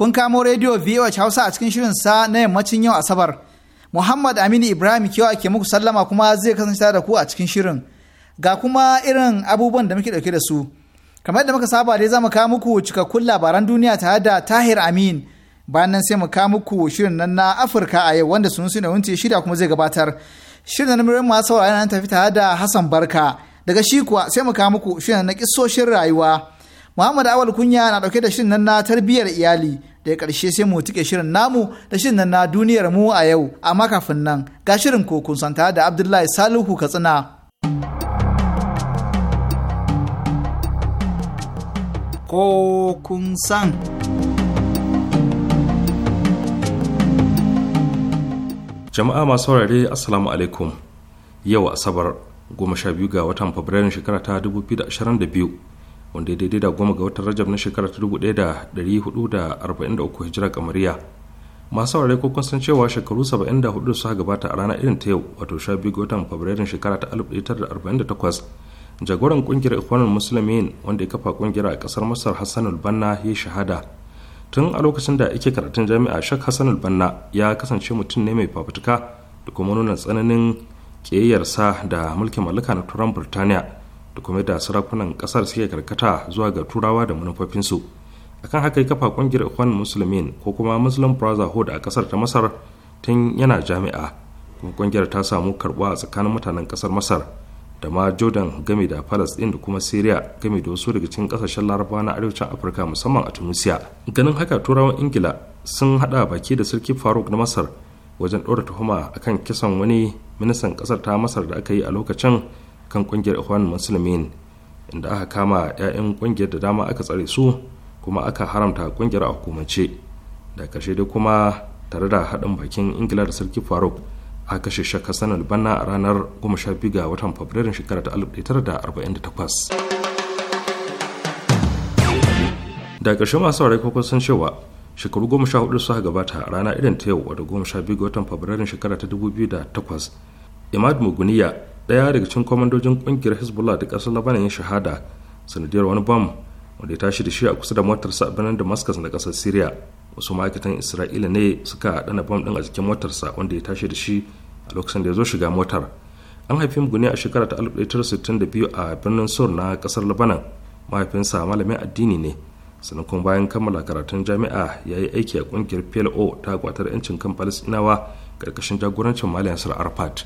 kun kamo rediyo VOH Hausa a cikin shirin sa na yammacin yau Asabar. Muhammad Aminu Ibrahim Kiyawa ke muku sallama kuma zai kasance da ku a cikin shirin. Ga kuma irin abubuwan da muke dauke da su. Kamar da muka saba dai mu kawo muku cikakkun labaran duniya tare da Tahir Amin. Bayan nan sai mu kawo muku shirin nan na Afirka a yau wanda sun suna wunce shirya kuma zai gabatar. Shirin na murin masu saurari nan tafi tare da Hassan Barka. Daga shi kuwa sai mu kawo muku shirin na kisoshin rayuwa. Muhammad Awal Kunya na dauke da shirin nan na tarbiyyar iyali. da ƙarshe sai mu tike shirin namu da shirin nan na duniyar mu a yau amma kafin nan ga shirin kokun santa da abdullahi salihu katsina Ko kun san jama'a masu saurare assalamu alaikum yau asabar goma sha ga watan fabrairun shekara ta 2022 wanda daidai da goma ga watan rajab na shekarar 1443 hijira kamariya masu saurare ko kun san cewa shekaru 74 suka gabata a ranar irin ta yau wato 12 ga watan fabrairun shekara ta 1948 jagoran kungiyar ikhwanul musulmin wanda ya kafa kungiyar a kasar masar hassan banna ya shahada tun a lokacin da ake karatun jami'a shak hassan banna ya kasance mutum ne mai fafutuka da kuma nuna tsananin kiyayyarsa da mulkin mallaka na turan burtaniya da kuma da sarakunan kasar suke karkata zuwa ga turawa da manufofinsu akan haka ya kafa kungiyar ikhwan musulmin ko kuma muslim brotherhood a kasar ta masar tun yana jami'a kuma kungiyar ta samu karɓa a tsakanin mutanen kasar masar da ma jordan game da palestine da kuma syria game da wasu daga cikin kasashen larabawa na arewacin afirka musamman a tunisia ganin haka turawan ingila sun hada baki da sarki faruk na masar wajen ɗora tuhuma akan kisan wani ministan kasar ta masar da aka yi a lokacin kan kungiyar ikhwan musulmin inda aka kama 'ya'yan kungiyar da dama aka tsare su kuma aka haramta kungiyar a hukumance da kashe dai kuma tare da haɗin bakin ingila da sarki faruk a kashe shakka sanar banna a ranar 12 ga watan fabrairun shekarar 1948 da ƙarshe masu rai kokon sun cewa shekaru goma sha hudu suka gabata a rana irin ta yau wadda goma sha biyu ga watan fabrairun shekara ta 2008 imad muguniya daya daga cikin kwamandojin kungiyar hezbollah da kasar labanan ya shahada sanadiyar wani bam wanda ya tashi da shi a kusa da motarsa a birnin damascus na kasar syria wasu ma'aikatan isra'ila ne suka dana bam din a jikin motarsa wanda ya tashi da shi a lokacin da ya zo shiga motar an haifi mu a shekara ta 1962 a birnin sur na kasar labanan mahaifinsa malamin addini ne sannan kuma bayan kammala karatun jami'a ya yi aiki a kungiyar plo ta kwatar 'yancin kan palestinawa karkashin jagorancin malam sir arfat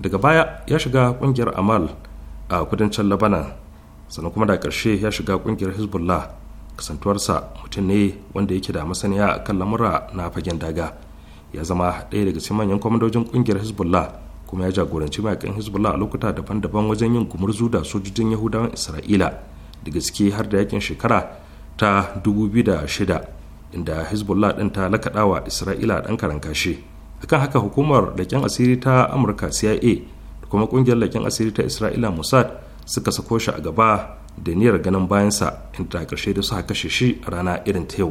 daga baya ya shiga kungiyar amal a kudancin labanan sannan kuma da karshe ya shiga kungiyar hezbollah kasantuwarsa mutum ne wanda yake da masaniya kan lamura na fagen daga ya zama ɗaya daga cikin manyan kwamandojin kungiyar hezbollah kuma ya jagoranci mayakan hezbollah a lokuta daban-daban wajen yin gumurzu da sojojin yahudawan isra'ila daga gaske har da yakin shekara ta dubu biyu da shida inda hezbollah ɗin ta lakaɗawa isra'ila ɗan karan kashe akan haka hukumar leƙen asiri ta amurka cia da kuma ƙungiyar leƙen asiri ta isra'ila mossad suka sako shi a gaba da niyyar ganin bayansa inda ƙarshe da suka kashe shi a rana irin ta yau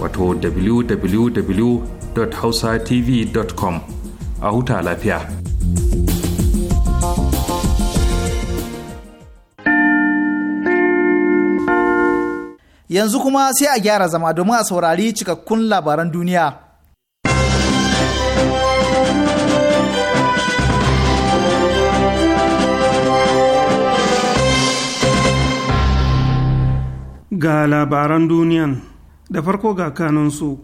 wato www.hausatv.com a huta lafiya. Yanzu kuma sai a gyara zama domin a saurari cikakkun labaran duniya. Ga labaran duniyan da farko ga kanunsu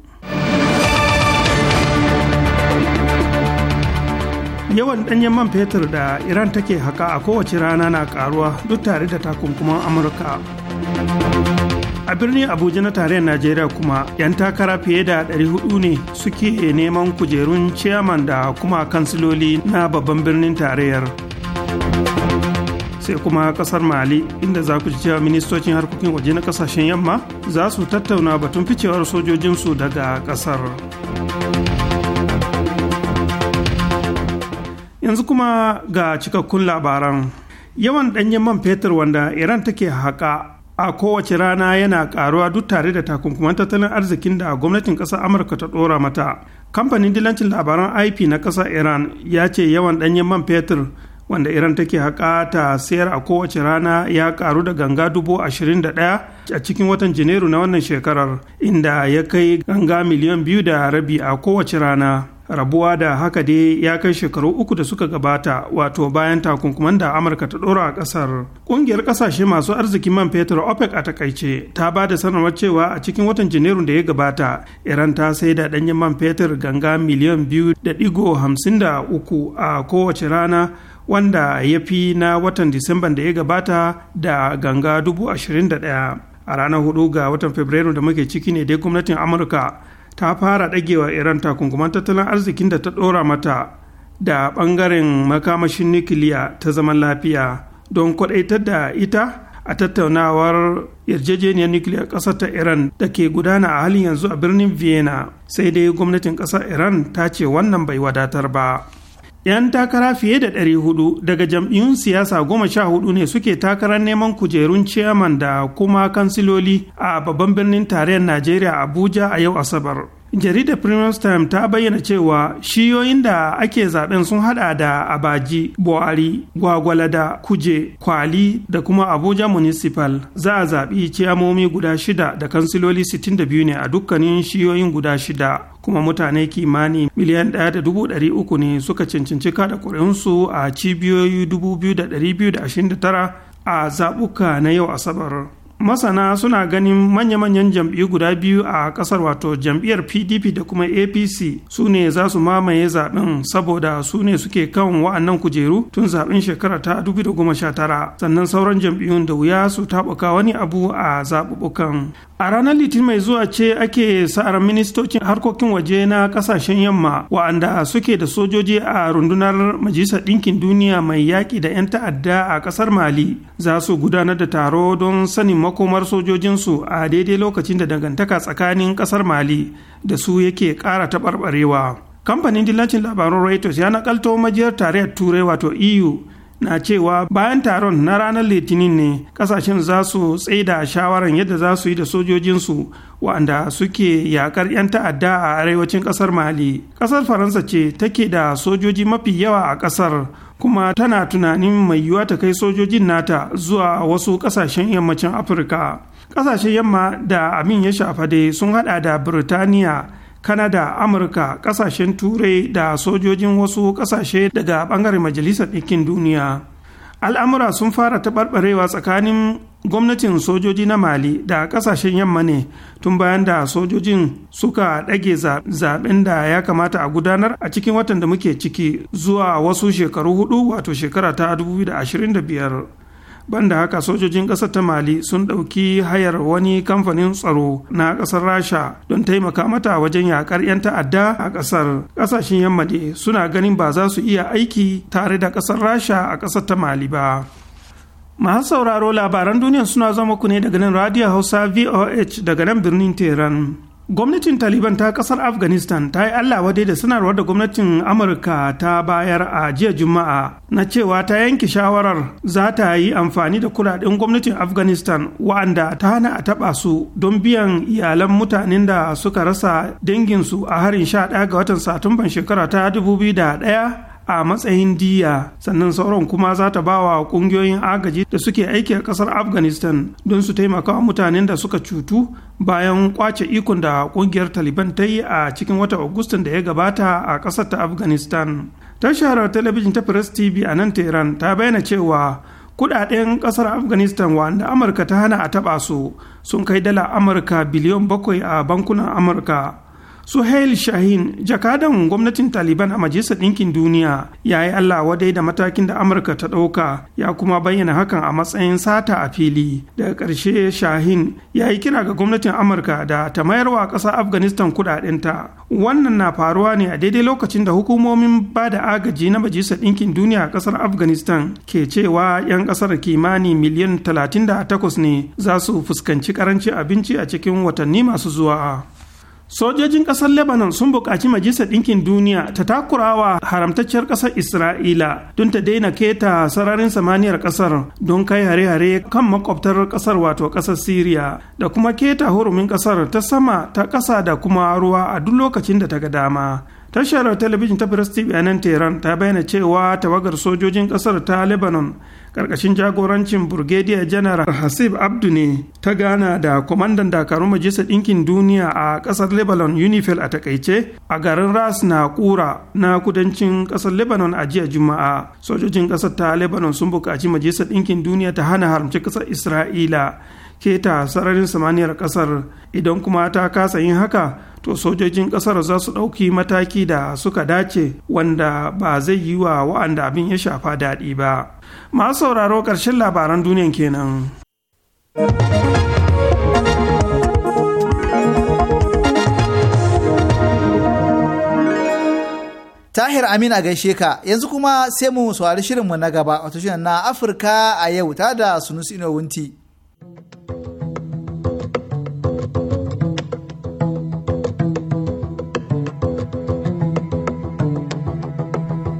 yawan danyen man fetur da iran take haka a kowace rana na karuwa duk tare da takunkuman amurka a birnin abuja na tarayyar najeriya kuma 'yan takara fiye da 400 ne suke neman kujerun ciyaman da kuma kansiloli na babban birnin tarayyar sai kuma kasar mali inda za ku ji cewa ministocin harkokin waje na kasashen yamma za su tattauna batun ficewar sojojinsu daga kasar yanzu kuma ga cikakkun labaran yawan ɗanyen man fetur wanda iran take haƙa a kowace rana yana karuwa duk tare da takunkuman tattalin arzikin da gwamnatin ƙasar amurka ta ɗora mata kamfanin dilancin labaran ip na ƙasar iran ya ce yawan ɗanyen man fetur wanda iran take haƙa ta sayar a kowace rana ya karu da ganga dubu ashirin da ɗaya a cikin watan janairu na wannan shekarar inda ya kai ganga miliyan biyu da rabi a kowace rana rabuwa da haka dai ya kai shekaru uku da suka gabata wato bayan takunkuman da amurka ta ɗora a ƙasar ƙungiyar ƙasashe masu arzikin man fetur opec a takaice ta ba da sanarwar cewa a cikin watan janairu da ya gabata iran ta sai da ɗanyen man fetur ganga miliyan biyu da ɗigo hamsin da uku a kowace rana wanda ya fi na watan disamban da ya gabata da ganga 21,000 a ranar 4 ga watan fabrairu da muke ciki ne dai gwamnatin amurka ta fara dagewa iran takunkuman tattalin arzikin da ta dora mata da bangaren makamashin nukiliya ta zaman lafiya don kwaɗaitar da ita a tattaunawar yarjejeniyar nukiliyar ƙasar ta iran da ke gudana a halin yanzu a birnin vienna sai dai gwamnatin ƙasar iran ta ce wannan bai wadatar ba 'yan takara fiye da 400 daga jam'iyyun siyasa goma sha hudu ne suke takarar neman kujerun ciyaman da kuma kansiloli a babban birnin tarayyar najeriya abuja a yau asabar jaridar premium time ta bayyana cewa shiyoyin da ake zaben sun hada da abaji buhari gwagwalada kuje kwali da kuma abuja municipal za a zaɓi ciyamomi guda shida da kansiloli 62 ne a dukkanin shiyoyin guda shida kuma mutane kimani miliyan ɗaya da dubu ɗari uku ne suka cancanci kada ƙuri'unsu a cibiyoyi dubu biyu da ɗari biyu da ashirin da tara a zaɓuka na yau asabar masana suna ganin manya-manyan jam'iyyu guda biyu a kasar wato jam'iyyar pdp da kuma apc su ne za su mamaye zaben saboda su ne suke kan wa'annan kujeru tun zaben shekara ta 2019 sannan sauran jam'iyyun da wuya su taɓuka wani abu a zaɓuɓɓukan a ranar litinin mai zuwa ce ake sa'ar ministocin harkokin waje na kasashen yamma wa'anda suke da sojoji a rundunar majalisar ɗinkin duniya mai yaƙi da 'yan ta'adda a ƙasar mali za su gudanar da taro don sanin makomar sojojinsu a daidai lokacin da dangantaka tsakanin kasar mali da su yake ƙara taɓarɓarewa kamfanin dillacin labarun reuters ya nakalto majiyar tarayyar turai wato eu na cewa bayan taron na ranar litinin ne kasashen za su tsaida shawarar yadda za su yi da sojojinsu wa'anda suke yakar 'yan ta'adda a arewacin ƙasar mali ƙasar faransa ce take da sojoji mafi yawa a ƙasar kuma tana tunanin mai yiwuwa ta kai sojojin nata zuwa wasu ƙasashen yammacin afirka ƙasashen yamma da abin ya shafa dai sun hada da birtaniya kanada amurka kasashen turai da sojojin wasu kasashe daga bangaren majalisar ɗinkin duniya al'amura sun fara taɓarɓarewa tsakanin gwamnatin sojoji na mali da kasashen yamma ne tun bayan da sojojin suka ɗage zaɓen da ya kamata a gudanar a cikin watan da muke ciki zuwa wasu shekaru hudu wato shekara ta 2025 banda haka sojojin ƙasar ta mali sun ɗauki hayar wani kamfanin tsaro na ƙasar rasha don taimaka mata wajen yaƙar 'yan ta'adda a ƙasar ƙasashen yamma ne suna ganin ba za su iya aiki tare da ƙasar rasha a ƙasar ta mali ba masu sauraro labaran duniya suna zama ku ne daga nan radio hausa voh daga nan birnin tehran gwamnatin taliban ta kasar afghanistan ta yi allah wadai da sanarwar da gwamnatin amurka ta bayar a jiya juma'a na cewa ta yanke shawarar za ta yi amfani da kudaden gwamnatin afghanistan wa'anda ta hana a taba su don biyan iyalan mutanen da suka rasa danginsu a harin 11 ga watan satumban shekara ta 2001 a matsayin diya sannan sauran kuma za ta ba wa kungiyoyin agaji da suke aiki a kasar afghanistan don su taimaka wa mutanen da suka cutu bayan kwace ikon da kungiyar taliban ta yi a cikin wata agustan da ya gabata a kasar ta afghanistan tashar talabijin ta press tv a nan tehran ta bayyana cewa kudaden kasar afghanistan wanda amurka ta hana a taba su sun kai dala amurka biliyon bakwai a bankunan amurka suhail shahin jakadan gwamnatin taliban a majalisar ɗinkin duniya ya yi allah wadai da matakin da amurka ta ɗauka ya kuma bayyana hakan a matsayin sata a fili daga ƙarshe shahin ya yi kira ga gwamnatin amurka da ta mayarwa ƙasa afghanistan kuɗaɗenta wannan na faruwa ne a daidai lokacin da hukumomin ba da agaji na majalisar ɗinkin duniya a ƙasar afghanistan ke cewa 'yan ƙasar kimanin miliyan 38 ne za su fuskanci ƙarancin abinci a cikin watanni masu zuwa. sojojin ƙasar lebanon sun buƙaci majalisar ɗinkin duniya ta takura wa haramtacciyar ƙasar isra'ila don ta daina keta sararin samaniyar ƙasar don kai hare-hare kan makwabtar ƙasar wato ƙasar syria da kuma keta hurumin ƙasar ta sama ta ƙasa da kuma ruwa a duk lokacin da ta ga dama tashar talabijin ta press tv a nan tehran ta bayyana cewa tawagar sojojin kasar ta lebanon karkashin jagorancin brigadier janar hasib abdu ne ta gana da kwamandan dakarun majalisar ɗinkin duniya a ƙasar lebanon unifil a takaice a garin ras na kura na kudancin ƙasar lebanon a jiya juma'a sojojin ƙasar ta lebanon sun buƙaci majalisar ɗinkin duniya ta hana haramci ƙasar isra'ila keta sararin samaniyar kasar idan kuma ta kasa yin haka to sojojin kasar za su ɗauki mataki da suka dace wanda ba zai yi wa wa'anda abin ya shafa daɗi ba masu sauraro ƙarshen labaran duniyan kenan Tahir Amina gaishe ka yanzu kuma sai mu saurari shirinmu na gaba wato shirin na Afirka a yau ta da Sunusi Inowunti.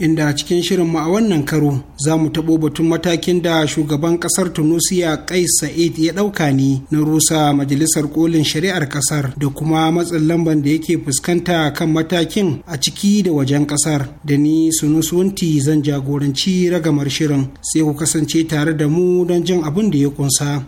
inda a cikin shirin shirinmu a wannan karo za mu taɓo batun matakin da shugaban ƙasar tunisia ƙai sa'id ya ɗauka ne na rusa majalisar kolin shari'ar ƙasar da kuma matsin lamban da yake fuskanta kan matakin a ciki da wajen ƙasar da ni sunusunti zan jagoranci ragamar shirin sai ku kasance tare da mu don jin abin da ya ƙunsa.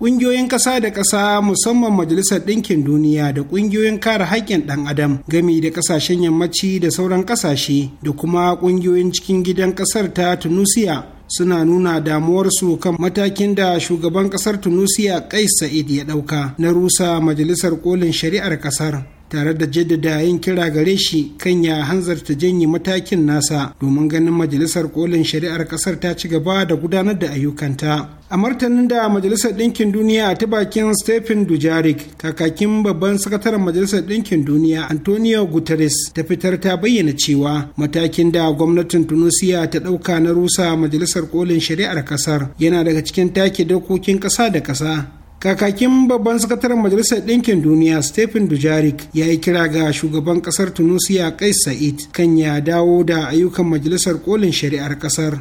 ƙungiyoyin ƙasa da ƙasa musamman majalisar ɗinkin duniya da ƙungiyoyin kare haƙƙin ɗan adam gami da ƙasashen yammaci da sauran ƙasashe da kuma ƙungiyoyin cikin gidan ƙasar ta tunusiya suna nuna damuwarsu kan matakin da shugaban ƙasar tunisia kais sa'id ya ɗauka na rusa majalisar ƙolin shari'ar ƙasar. tare da jaddada yin kira gare shi kan ya hanzarta janye matakin nasa domin ganin majalisar kolin shari'ar kasar ta ci gaba da gudanar da ayyukanta a martanin da majalisar ɗinkin duniya ta bakin stephen dujarik kakakin babban sakataren majalisar ɗinkin duniya antonio guterres ta fitar ta bayyana cewa matakin da gwamnatin tunisia ta ɗauka na rusa majalisar kolin shari'ar kasar yana daga cikin take dokokin ƙasa da ƙasa kakakin babban sakataren majalisar ɗinkin duniya stephen dujarik ya yi kira ga shugaban ƙasar tunisia kais sa'id kan ya dawo da ayyukan majalisar ƙolin shari'ar ƙasar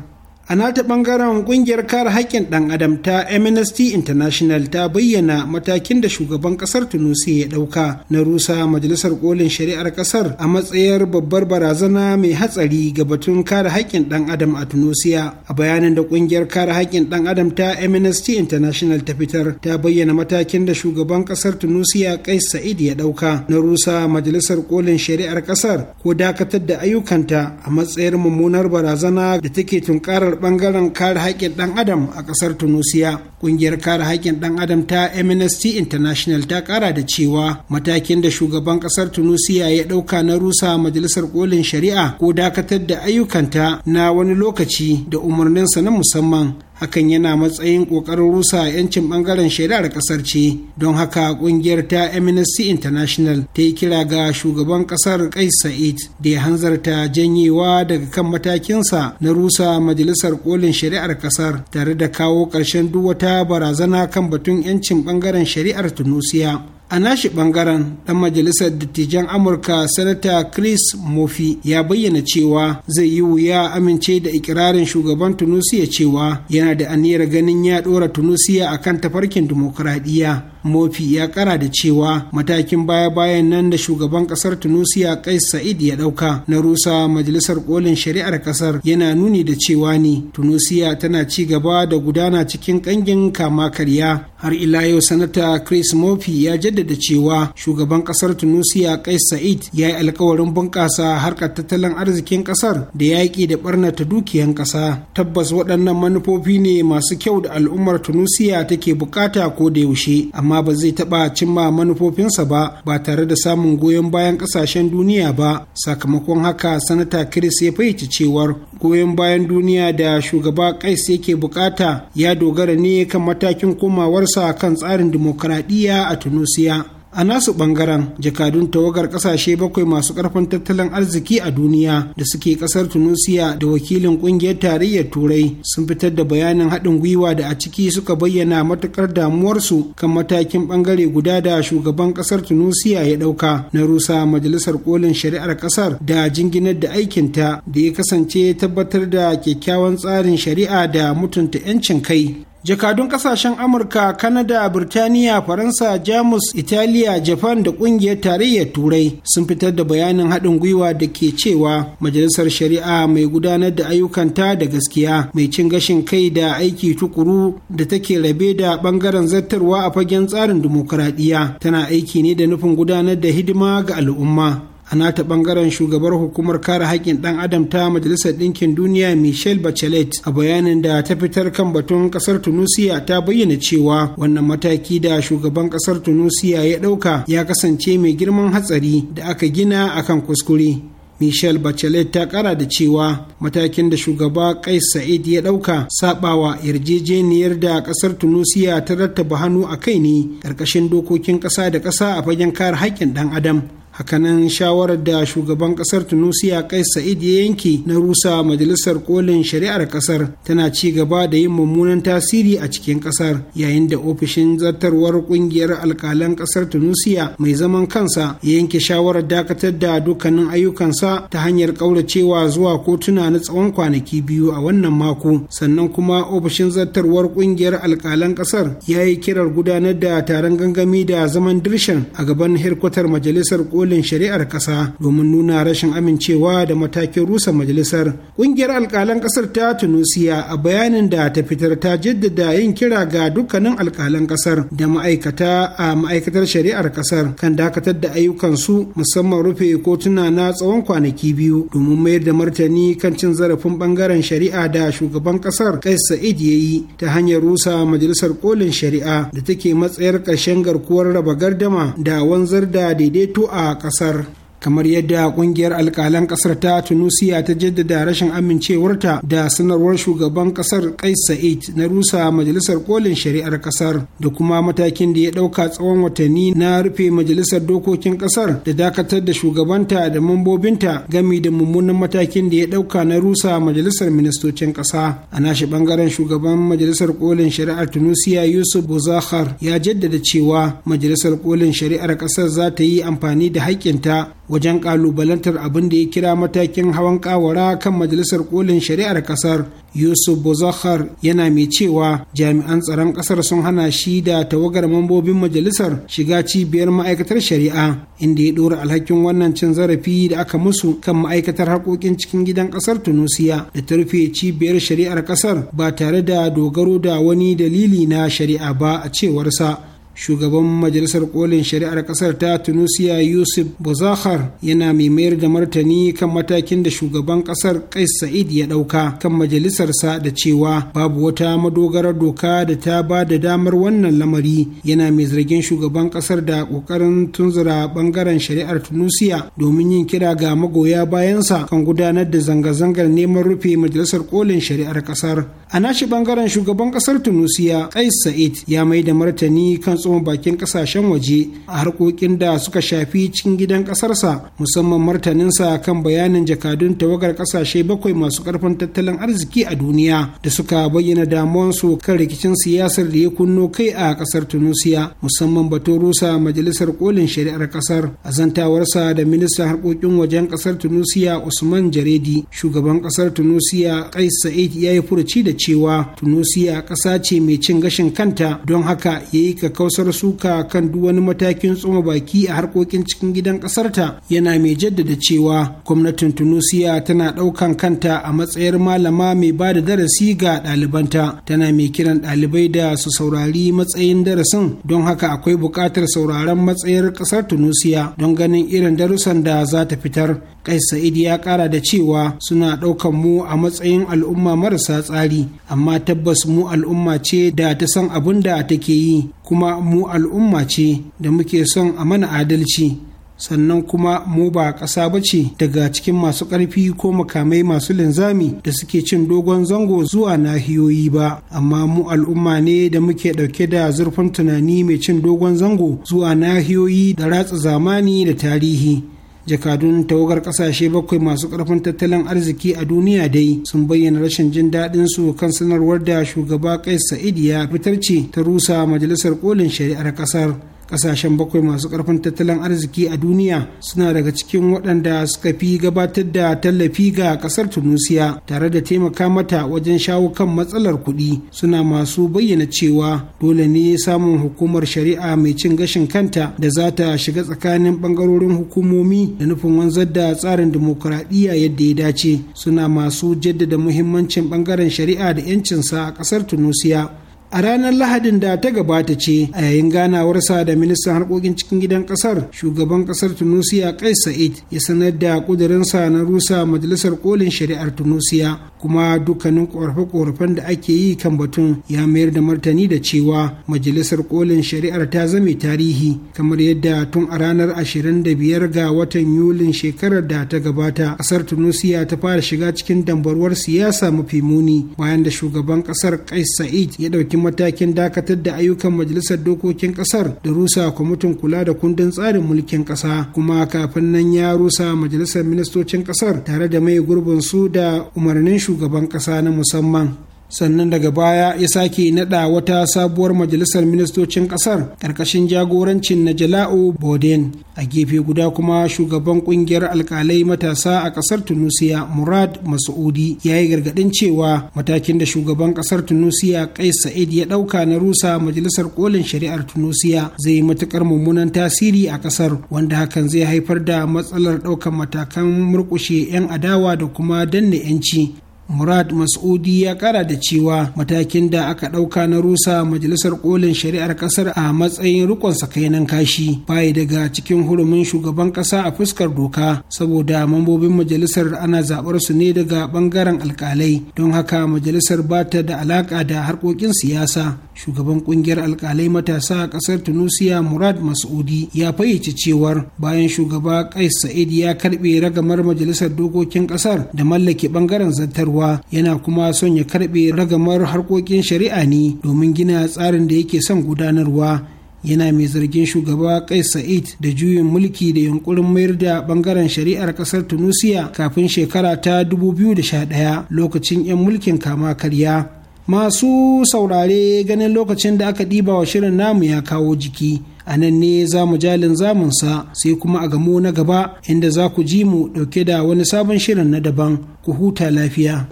a nata bangaren ƙungiyar kare haƙƙin ɗan adam ta amnesty international ta bayyana matakin da shugaban ƙasar tunisia ya ɗauka na rusa majalisar ƙolin shari'ar ƙasar a matsayar babbar barazana mai hatsari ga batun kare haƙƙin ɗan adam a tunisia a bayanin da ƙungiyar kare haƙƙin ɗan adam ta amnesty international ta fitar ta bayyana matakin da shugaban ƙasar tunisia kais sa'id ya ɗauka na rusa majalisar ƙolin shari'ar ƙasar ko dakatar da ayyukanta a matsayar mummunar barazana da take tunkarar bangaren kare haƙƙin ɗan adam a ƙasar tunisia ƙungiyar kare haƙƙin ɗan adam ta amnesty international ta ƙara da cewa matakin da shugaban ƙasar tunisia ya ɗauka na rusa majalisar kolin shari'a ko dakatar da ayyukanta na wani lokaci da umarninsa na musamman hakan yana matsayin ƙoƙarin rusa 'yancin ɓangaren shari'ar ƙasar ce don haka ƙungiyar ta amnesty international ta yi kira ga shugaban ƙasar kais sa'id da ya hanzarta janyewa daga kan matakinsa na rusa majalisar kolin shari'ar ƙasar tare da kawo ƙarshen duk wata barazana kan batun 'yancin ɓangaren shari'ar tunusiya a nashi bangaren dan majalisar dattijan amurka sanata chris murphy ya bayyana cewa zai yi wuya amince da ikirarin shugaban tunusiya cewa yana da aniyar ganin ya dora tunusiya akan tafarkin dimokuraɗiyya mofi ya kara da cewa matakin baya-bayan nan da shugaban kasar tunisia kais sa'id ya dauka na rusa majalisar kolin shari'ar kasar yana nuni da cewa ne tunisia tana ci gaba da gudana cikin kangin kama karya har ila yau sanata chris Mofi ya jaddada cewa shugaban kasar tunisia kais sa'id ya yi alkawarin bunƙasa harkar tattalin arzikin kasar da yaƙi da barnata dukiyan ƙasa tabbas waɗannan manufofi ne masu kyau da al'ummar tunisia take bukata ko da yaushe amma amma ba zai taɓa cimma manufofinsa ba ba tare da samun goyon bayan ƙasashen duniya ba sakamakon haka sanata chris ya fahimci cewar goyon bayan duniya da shugaba kais yake bukata ya dogara ne kan matakin komawarsa kan tsarin dimokuraɗiyya a tunisia a nasu bangaren jakadun tawagar kasashe bakwai masu karfin tattalin arziki a duniya da suke kasar tunisia da wakilin kungiyar tarayyar turai sun fitar da bayanin haɗin gwiwa da a ciki suka bayyana matukar damuwarsu kan matakin bangare guda da shugaban kasar tunisia ya ɗauka na rusa majalisar kolin shari'ar kasar da jinginar da aikinta da ya kasance tabbatar da kyakkyawan tsarin shari'a da mutunta 'yancin kai jakadun kasashen amurka kanada birtaniya faransa jamus italiya japan da ƙungiyar tarayyar turai sun fitar da bayanin haɗin gwiwa da ke cewa majalisar shari'a mai gudanar da ayyukanta da gaskiya mai cin gashin kai da aiki tukuru da take rabe da ɓangaren zartarwa a fagen tsarin dimokuraɗiyya tana aiki ne da nufin gudanar da hidima ga al'umma a nata bangaren shugabar hukumar kare haƙƙin ɗan adam ta majalisar ɗinkin duniya michelle bachelet a bayanin da ta fitar kan batun ƙasar tunisia ta bayyana cewa wannan mataki da shugaban ƙasar tunisia ya ɗauka ya kasance mai girman hatsari da aka gina akan kuskure Michelle Bachelet ta ƙara da cewa matakin da shugaba Kais Sa'id ya ɗauka saɓawa, yarjejeniyar da ƙasar Tunusiya ta rattaba hannu a kai ne ƙarƙashin dokokin ƙasa da ƙasa a fagen kare haƙƙin ɗan adam. hakanan shawarar da shugaban kasar tunisia kai sa'id ya yanke na rusa majalisar kolin shari'ar kasar tana ci gaba da yin mummunan tasiri a cikin kasar yayin da ofishin zartarwar kungiyar alkalan kasar tunisia mai zaman kansa ya yanke shawarar dakatar da dukkanin ayyukansa ta hanyar kauracewa zuwa kotuna na tsawon kwanaki biyu a wannan mako sannan kuma ofishin zartarwar kungiyar alkalan kasar ya yi kirar gudanar da taron gangami da zaman dirshan a gaban hirkwatar majalisar kolin kolin shari'ar ƙasa domin nuna rashin amincewa da matakin rusa majalisar ƙungiyar alƙalan ƙasar ta tunusiya a bayanin da ta fitar ta jaddada yin kira ga dukkanin alƙalan ƙasar da ma'aikata a ma'aikatar shari'ar ƙasar kan dakatar da ayyukansu musamman rufe kotuna na tsawon kwanaki biyu domin mayar da martani kan cin zarafin ɓangaren shari'a da shugaban ƙasar kai sa'id ya yi ta hanyar rusa majalisar kolin shari'a da take matsayar ƙarshen garkuwar raba gardama da wanzar da daidaito a Casar kamar yadda kungiyar alkalan kasar ta tunusiya ta jaddada rashin amincewarta da sanarwar shugaban kasar kais sa'id na rusa majalisar kolin shari'ar kasar da kuma matakin da ya dauka tsawon watanni na rufe majalisar dokokin kasar da dakatar da shugabanta da mambobinta gami da mummunan matakin da ya dauka na rusa majalisar ministocin kasa a nashi bangaren shugaban majalisar kolin shari'ar tunusiya yusuf buzakhar ya jaddada cewa majalisar kolin shari'ar kasar za ta yi amfani da haƙƙinta wajen kalubalantar abin da ya kira matakin hawan kawara kan majalisar kolin shari'ar kasar yusuf bozakhar yana mai cewa jami'an tsaron kasar sun hana shi da tawagar mambobin majalisar shiga cibiyar ma'aikatar shari'a inda ya ɗora alhakin wannan cin zarafi da aka musu kan ma'aikatar harkokin cikin gidan kasar tunusiya da ta rufe cibiyar shari'ar kasar ba tare da dogaro da wani dalili na shari'a ba a cewarsa shugaban majalisar kolin shari'ar kasar ta tunisia yusuf buzakhar yana mai mayar da martani kan matakin da shugaban kasar kais sa'id ya dauka kan majalisarsa da cewa babu wata madogarar doka da ta ba da damar wannan lamari yana mai zargin shugaban kasar da kokarin tunzura bangaren shari'ar tunisia domin yin kira ga magoya bayansa kan gudanar da zanga-zangar neman rufe majalisar kolin shari'ar kasar a nashi bangaren shugaban kasar tunisia kais sa'id ya mai da martani kan tsoma bakin kasashen waje a harkokin da suka shafi cikin gidan kasarsa musamman martaninsa kan bayanin jakadun tawagar kasashe bakwai masu karfin tattalin arziki a duniya da suka bayyana damuwansu kan rikicin siyasar da ya kunno kai a kasar tunisia musamman batun rusa majalisar kolin shari'ar kasar a zantawarsa da ministan harkokin wajen kasar tunisia usman jaredi shugaban kasar tunisia kais sa'id ya yi furuci da cewa tunisia kasa ce mai cin gashin kanta don haka ya yi kakkausar kasar suka kan duk wani matakin tsoma baki a harkokin cikin gidan ƙasarta yana mai jaddada cewa gwamnatin tunisia tana ɗaukan kanta a matsayar malama mai ba da darasi ga ɗalibanta tana mai kiran ɗalibai da su saurari matsayin darasin don haka akwai buƙatar sauraron matsayar ƙasar tunisia don ganin irin darusan da za ta fitar kai sa'idi ya kara da cewa suna ɗaukan mu a matsayin al'umma marasa tsari, amma tabbas mu al'umma ce da ta san abin da take yi, kuma mu al'umma ce da muke son a mana adalci. sannan kuma mu ba ƙasa ba ce daga cikin masu ƙarfi ko makamai masu linzami da suke cin dogon zango zuwa nahiyoyi ba amma mu al'umma ne da muke ɗauke da zurfin tunani mai cin dogon zango zuwa nahiyoyi da ratsa zamani da tarihi jakadun tawagar kasashe bakwai masu karfin tattalin arziki a duniya dai sun bayyana rashin jin daɗin su kan sanarwar da shugaba kais sa'id ya fitar ce ta rusa majalisar kolin shari'ar ƙasar. kasashen bakwai masu karfin tattalin arziki a duniya suna daga cikin waɗanda suka fi gabatar da tallafi ga kasar tunisia tare da taimaka mata wajen shawo kan matsalar kuɗi suna masu bayyana cewa dole ne samun hukumar shari'a mai cin gashin kanta da za ta shiga tsakanin ɓangarorin hukumomi da nufin wanzar da tsarin dimokuraɗiyya yadda ya dace suna masu jaddada muhimmancin bangaren shari'a da 'yancinsa a ƙasar tunisia a ranar lahadin da ta gabata ce a yayin ganawarsa da ministan harkokin cikin gidan kasar shugaban kasar tunusiya kais sa'id ya sanar da kudurinsa na rusa majalisar kolin shari'ar tunusiya kuma dukkanin korafe-korafen da ake yi kan batun ya mayar da martani da cewa majalisar kolin shari'ar ta zame tarihi kamar yadda tun a ranar ashirin da biyar ga watan yulin shekarar da ta gabata kasar tunusiya ta fara shiga cikin dambarwar siyasa mafi muni bayan da shugaban kasar kais sa'id ya ɗauki matakin dakatar da ayyukan majalisar dokokin kasar da rusa kwamitin kula da kundin tsarin mulkin kasa kuma kafin nan ya rusa majalisar ministocin kasar tare da mai gurbin su da umarnin shugaban kasa na musamman sannan daga baya ya sake naɗa wata sabuwar majalisar ministocin ƙasar ƙarƙashin jagorancin na jala'u boden a gefe guda kuma shugaban ƙungiyar alƙalai matasa a ƙasar tunusiya murad masudi ya yi gargadin cewa matakin da shugaban ƙasar tunusiya kais sa'id ya ɗauka na rusa majalisar kolin shari'ar tunusiya zai yi matuƙar mummunan tasiri a ƙasar wanda hakan zai haifar da matsalar daukan matakan murkushe 'yan adawa da kuma danne 'yanci murad mas'udi ya kara da cewa matakin da aka ɗauka na rusa majalisar ƙolin shari'ar ƙasar a matsayin rikon kainan kashi bayi daga cikin hurumin shugaban ƙasa a fuskar doka saboda mambobin majalisar ana zaɓar su ne daga ɓangaren alƙalai don haka majalisar ba ta da alaƙa da harkokin siyasa shugaban ƙungiyar alƙalai matasa a ƙasar Tunisia murad mas'udi ya fayyace cewar bayan shugaba kais sa'id ya karɓe ragamar majalisar dokokin ƙasar da mallake ɓangaren zartarwa rayuwa yana kuma son ya karbe ragamar harkokin shari'a ne domin gina tsarin da yake son gudanarwa yana mai zargin shugaba kai sa'id da juyin mulki da yunkurin mayar da bangaren shari'ar kasar tunisia kafin shekara ta 2011 lokacin 'yan mulkin kama karya masu saurare ganin lokacin da aka ɗiba wa shirin namu ya kawo jiki a nan ne za mu jalin zamunsa sai kuma a gamo na gaba inda za ku ji mu dauke da wani sabon shirin na daban ku huta lafiya.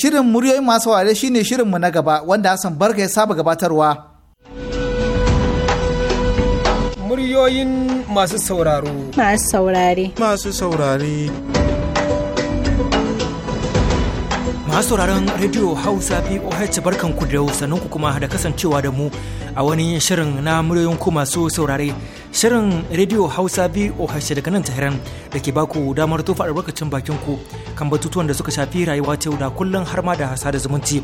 shirin muryoyin masu ware shine shirinmu na gaba wanda Hassan Barka ya saba gabatarwa. Muryoyin masu sauraro. Masu saurare. Masu saurare. masu sauraron rediyo hausa voh barkanku da ku kuma da kasancewa da mu a wani shirin na muryoyin ku masu saurare Shirin Radio Hausa VOH daga nan Tahiran da ke baku damar tofa albarkacin bakin ku kan batutuwan da suka shafi rayuwa ta yau da kullum har ma da hasa da zumunci.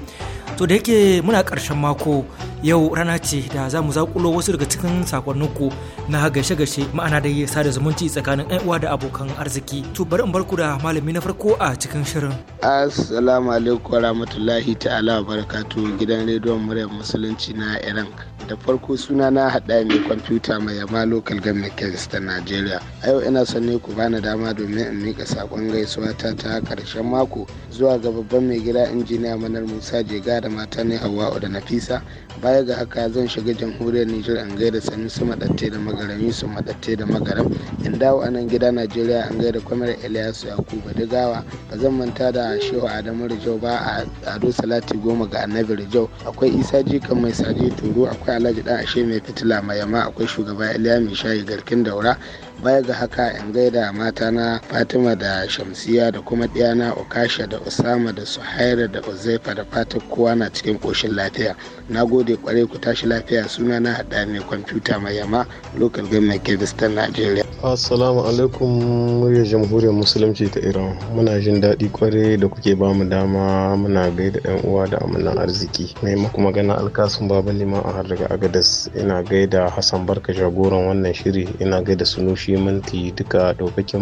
To da yake muna ƙarshen mako yau rana ce da za mu zaƙulo wasu daga cikin sakonninku na gaishe-gaishe ma'ana da sada zumunci tsakanin yan uwa da abokan arziki. To bari in ku da malami na farko a cikin shirin. Assalamu alaikum wa rahmatullahi ta'ala wa barakatu gidan rediyon murya musulunci na Iran. Da farko suna na haɗa ne kwamfuta mai yama local government kings ta nigeria. A yau ina son ne ku bani dama domin in mika saƙon gaisuwa ta ta ƙarshen mako zuwa ga babban mai gida injiniya Manar Musa Jega da mata ne hawa'u da nafisa baya ga haka zan shiga jamhuriyar nijar an gaida sami su madatte da magaram su madatte da magaram in dawo a nan gida najeriya an gaida kwamar ilyasu yakubu gawa ba zan manta da shehu adamu rijau ba a ado salati goma ga annabi rijau akwai isa jikan mai saji turu akwai alhaji dan ashe mai fitila mai yama akwai shugaba iliya mai shayi garkin daura baya ga haka in gaida matana fatima da shamsiya da kuma ɗiyana okasha da usama da suhaira da uzaifa da fatakuwa kowa na cikin ƙoshin lafiya na gode kwarai ku tashi lafiya suna na hada mai kwamfuta mai yama local government kebistan nigeria assalamu alaikum murya jamhuriyar musulunci ta iran muna jin daɗi kwarai da kuke ba mu dama muna gaida yan uwa da amanan arziki mai maku magana alkasun baba liman a har daga agadas ina gaida hassan barka jagoran wannan shiri ina gaida sunushi minti duka ɗaukakin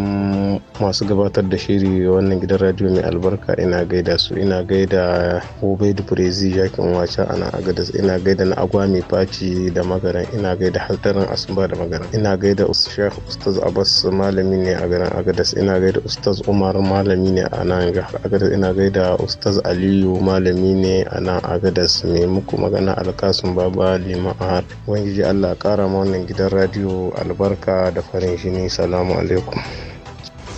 masu gabatar da shiri wannan gidan radio mai albarka ina gaida su ina gaida da brezi jakin wacha ana agadas agadas ina gaida na agwa mai faci da magaran ina gaida hatarin asuba da magaran ina gaida shekh ustaz abbas malami ne a garin agadas ina gaida ustaz umar malami ne a nan jihar agadas ina gaida ustaz aliyu malami ne a nan agadas mai muku magana alkasun baba liman wani ubangiji allah kara ma wannan gidan radiyo albarka da farin shini salamu alaikum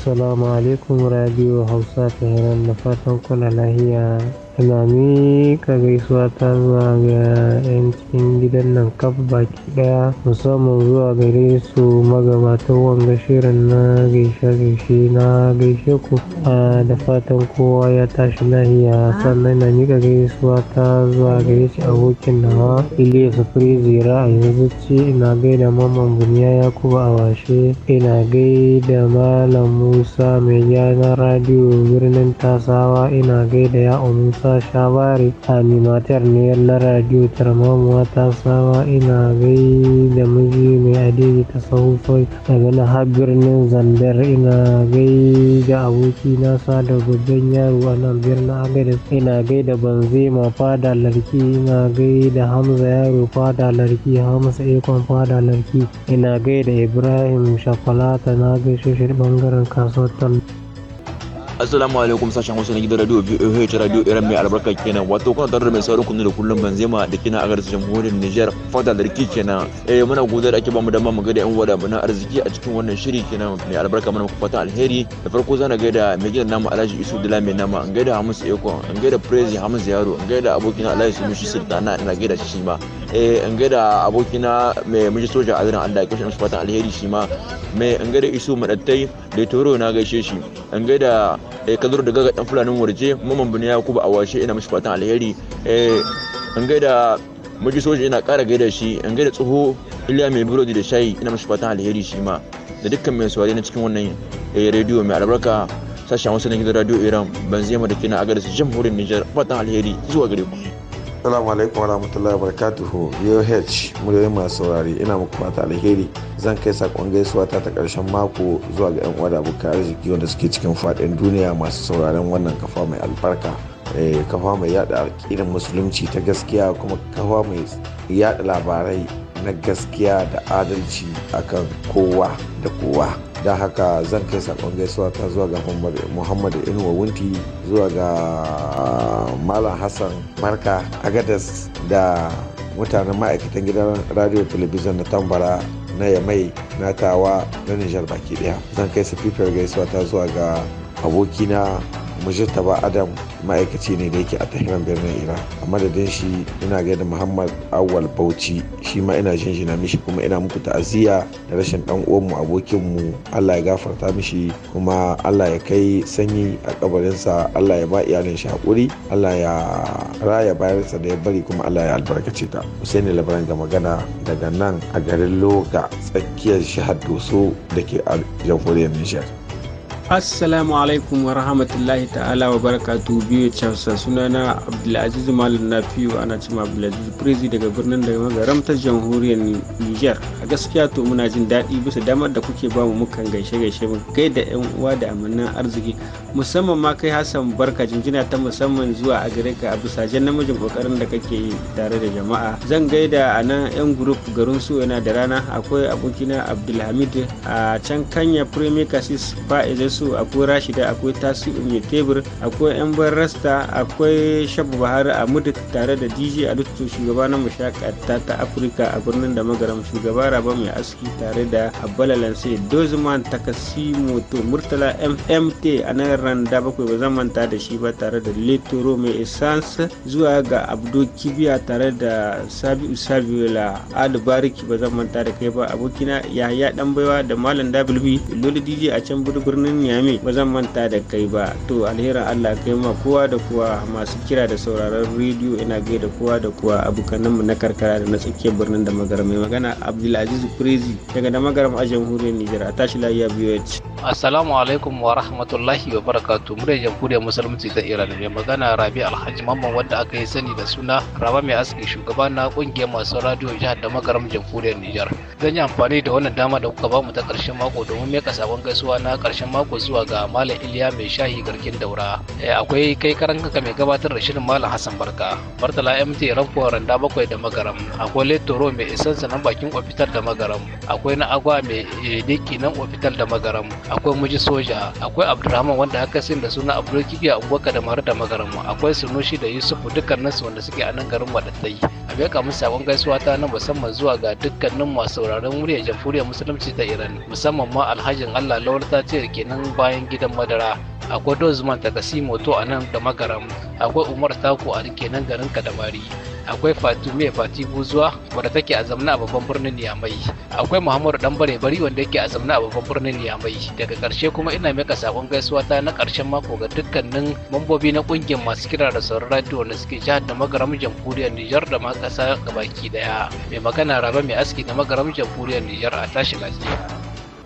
salamu alaikum radio Hausa ta hiran da fatan kuna lahiya ina miƙa gaisuwa ta zuwa ga 'yan cikin gidan nan kaf baki ɗaya musamman zuwa gare su magabatan wanga shirin na gaishe-gaishe na gaishe ku da fatan kowa ya tashi lahiya sannan na miƙa gaisuwa ta zuwa gare shi abokin nawa iliya sufuri zira a yanzu ce ina gaida mamman buniya yakubu a washe ina gaida malam musa mai gyaran radiyo birnin tasawa ina gaida ya musa shawari animatar ne na radio tarmamuwa ta sawa ina gai da miji mai adini ta sahufai daga na har birnin zandar ina gai da aboki na sada babban yaro a nan birnin agadis ina gai da banzema fada larki ina gai da hamza yaro fada larki hamza ikon fada larki ina gai da ibrahim shakwalata na gaishe shi bangaren kasuwar Assalamu alaikum sashen Hausa na gidan radio VOH radio Iran mai albarka kenan wato kuna tare da mai saurin kunu da kullum Banzema da kina a garin jamhuriyar Niger fada da riki kenan eh muna godiya da ake bamu dama mu ga yan wada mu na arziki a cikin wannan shiri kenan mai albarka mana ku fatan alheri da farko zan gaida da mai gidan namu Alhaji Isu Dila mai nama an gaida da Hamisu Eko an gaida da Prezi Hamisu Yaro an gaida da abokina Alhaji sumishi Sultana ina gaida shi ma eh in gaida abokina mai miji soja azrin Allah ya kashe fatan alheri shi ma mai in gaida isu madattai da toro na gaishe shi in gaida eh kazuru da gaga dan fulanin warje mamman bin yakubu washe ina mishi fatan alheri eh an gaida miji soja ina kara gaida shi in gaida tsoho Iliya mai burodi da shayi ina mishi fatan alheri shi ma da dukkan mai saurari na cikin wannan eh, rediyo mai albarka sashen wasu na gidan radio iran ban zai da kina a su jamhuriyar nijar fatan alheri zuwa gare ku salamu alaikum wa rahmatullahi wa barakatuhu. VOH muryoyin masu saurari ina muku fata alheri. Zan kai sakon gaisuwa ta ta karshen mako zuwa ga 'yan uwa da arziki wanda suke cikin fadin duniya masu sauraron wannan kafa mai albarka. Eh, kafa mai yada alƙirin musulunci ta gaskiya kuma kafa mai yada labarai na gaskiya da adalci akan kowa da kowa don haka zan kai saƙon gaisuwa ta zuwa ga muhammadu inuwa wunti zuwa ga malam hassan marka agadas da mutanen ma'aikatan gidan radio talabijin na tambara na yamai na tawa na nijar baki daya zan kai safifiyar gaisuwa ta zuwa ga abokina mujtaba adam ma'aikaci ne da yake a tahiran birnin iran a madadin shi ina gaida muhammad awal bauchi shi ma ina jinjina mishi kuma ina muku ta'aziyya da rashin dan uwanmu abokinmu allah ya gafarta mishi kuma allah ya kai sanyi a kabarinsa allah ya ba iyalin shi hakuri allah ya raya bayarsa da ya bari kuma allah ya albarkace ta husaini labaran ga magana daga nan a garin loga tsakiyar shahar doso da ke a jamhuriyar nijar Assalamu alaikum wa rahmatullahi ta'ala wa barakatu biyu Hausa sunana Abdulaziz Malam Nafiu ana cima Abdulaziz Prezi daga birnin da magaram ta jamhuriyar nijar A gaskiya to muna jin daɗi bisa damar da kuke ba mu mukan gaishe gaishe mu kai da ƴan uwa da amanan arziki musamman ma kai Hassan Barka jinjina ta musamman zuwa a gare ka a bisa jan namijin kokarin da kake yi tare da jama'a. Zan gaida a nan yan group garin su yana da rana akwai abokina Abdulhamid a can Kanya Premier Cassis Faizes so akwai rashida akwai tasiru mai tebur akwai yan rasta akwai shabu bahari a muda tare da dj alutu shugaba na mashakata ta afirka a birnin da magaram shugaba raba mai aski tare da abbala lance dozman takasi moto murtala mmt a nan randa bakwai ba zamanta da shi ba tare da letoro mai essence zuwa ga abdo kibiya tare da sabiu sabiola alibariki ba zamanta da kai ba abokina yahaya dan baiwa da malam wb lola dj a can birnin yami ba zan manta da kai ba to alherin allah kai ma kowa da kowa masu kira da sauraron rediyo ina da kowa da kowa mu na karkara da na tsakiyar birnin da magaram mai magana abdulaziz prezi daga da magaram a jamhuriyar nijar a tashi lafiya biyu assalamu alaikum wa rahmatullahi wa barakatu muryar jamhuriyar musulunci ta iran mai magana rabi alhaji mamman wanda aka yi sani da suna raba mai aski shugaba na kungiyar masu radio jihar da magaram jamhuriyar nijar zan yi amfani da wannan dama da kuka ba mu ta karshen mako domin meka sabon gaisuwa na karshen mako bakwai zuwa ga Malam Iliya mai shahi garkin daura. Eh, akwai kai karan kanka mai gabatar da shirin Malam Hassan Barka. Bartala MT Ranko Randa bakwai da Magaram. Akwai Letoro mai isan sanan bakin ofitar da Magaram. Akwai na Agwa mai eh, diki nan ofitar da Magaram. Akwai Muji Soja. Akwai Abdurrahman wanda haka sin da suna Abdul Kiki Abubakar da Mara da Magaram. Akwai Sunushi da Yusuf Yusufu su wanda suke a nan garin Wadatai. A biya musu sakon gaisuwa ta na musamman zuwa ga dukkanin masu sauraron muryar jamhuriyar musulunci ta Iran musamman ma alhajin Allah Lawal ta ce kenan bayan gidan madara akwai dozman daga simoto a nan da magaram akwai umar tako a kenan garin kadamari akwai fatume fati buzuwa wadda take a zamna a babban birnin niyamai akwai muhammadu dan bare bari wanda yake a zamna a babban birnin niyamai daga karshe kuma ina mika sakon gaisuwa ta na karshen mako ga dukkanin mambobi na kungiyar masu kira da sauran radio wanda suke jihar da magaram jamhuriyar nijar da ma kasa gabaki daya mai magana raba mai aski da magaram jamhuriyar nijar a tashi lafiya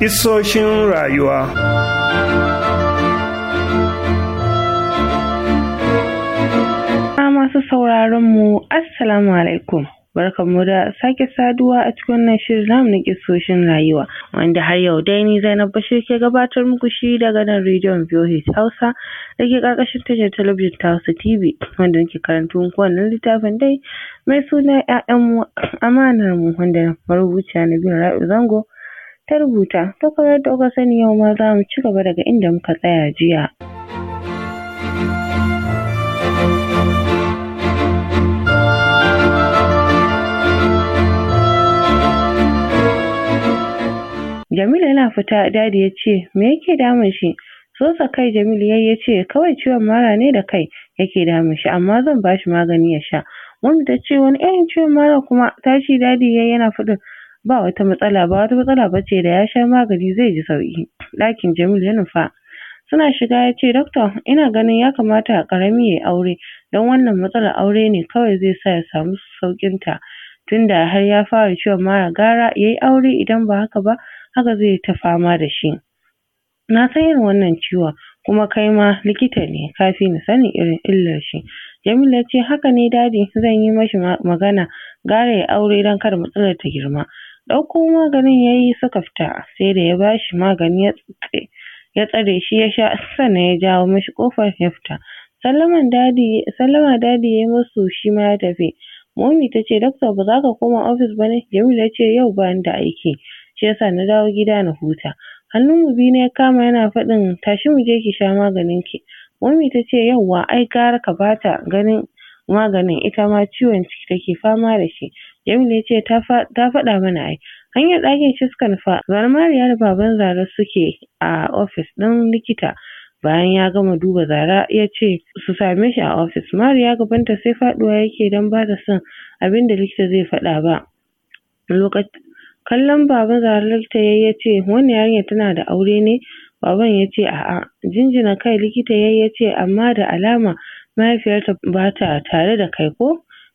Isoshin rayuwa. A masu sauraronmu assalamu alaikum barkanmu da sake saduwa a cikin wannan shirin namu na kisoshin rayuwa wanda har yau dai ni Zainab Bashir ke gabatar muku shi daga nan rediyon VOH Hausa da ke karkashin tashar talabijin ta Hausa TV wanda nake karantun muku wannan littafin dai mai suna 'ya'yan mu amanar mu wanda marubuciya bin ra'u Zango ta rubuta takwarar da sani yau ma za mu ci gaba daga inda muka tsaya jiya Jamilu yana fita dadi ya ce me yake damun shi Sosa kai Jamilu yai ya ce kawai ciwon mara ne da kai yake damun shi amma zan ba bashi magani ya sha wanda ta ce wani irin ciwon mara kuma tashi dadi yayi yana faɗin ba wata matsala ba wata matsala ba ce da ya sha magani zai ji sauki ɗakin Jamil ya nufa suna shiga ya ce doctor ina ganin ya kamata karami ya aure don wannan matsalar aure ne kawai zai sa ya samu saukin ta tunda har ya fara ciwon mara gara yayi aure idan ba haka ba haka zai ta fama da shi na san irin wannan ciwon kuma kai ma likita ne kafin na sanin irin illar shi Jamil ya ce haka ne dadi zan yi mashi magana gara ya aure don kada matsalar ta girma ɗauko maganin yayi suka fita sai da ya bashi magani ya tsitse ya tsare shi ya sha sannan ya jawo mishi kofar ya fita sallaman dadi ya dadi yayi musu shi ma ya tafi momi tace doctor ba za ka koma office ba ne yace yau ba ni da aiki shi yasa na dawo gida na huta hannun mu biyu ne ya kama yana faɗin tashi mu je ki sha maganin ki momi tace yauwa ai gara ka bata ganin maganin ita ma ciwon ciki take fama da shi. Jamilu ya ce ta faɗa mana ai. Hanyar ɗakin shi fa. nufa Mariya da baban Zara suke a ofis ɗin likita. Bayan ya gama duba Zara ya ce su same shi a ofis. Mariya gabanta sai faɗuwa yake don ba ta son abin da likita zai faɗa ba. Kallon baban Zara likita ya ce wannan yarinyar tana da aure ne? Baban ya ce a'a. Jinjina kai likita ya ya ce amma da alama mahaifiyarta ba ta tare da kai ko?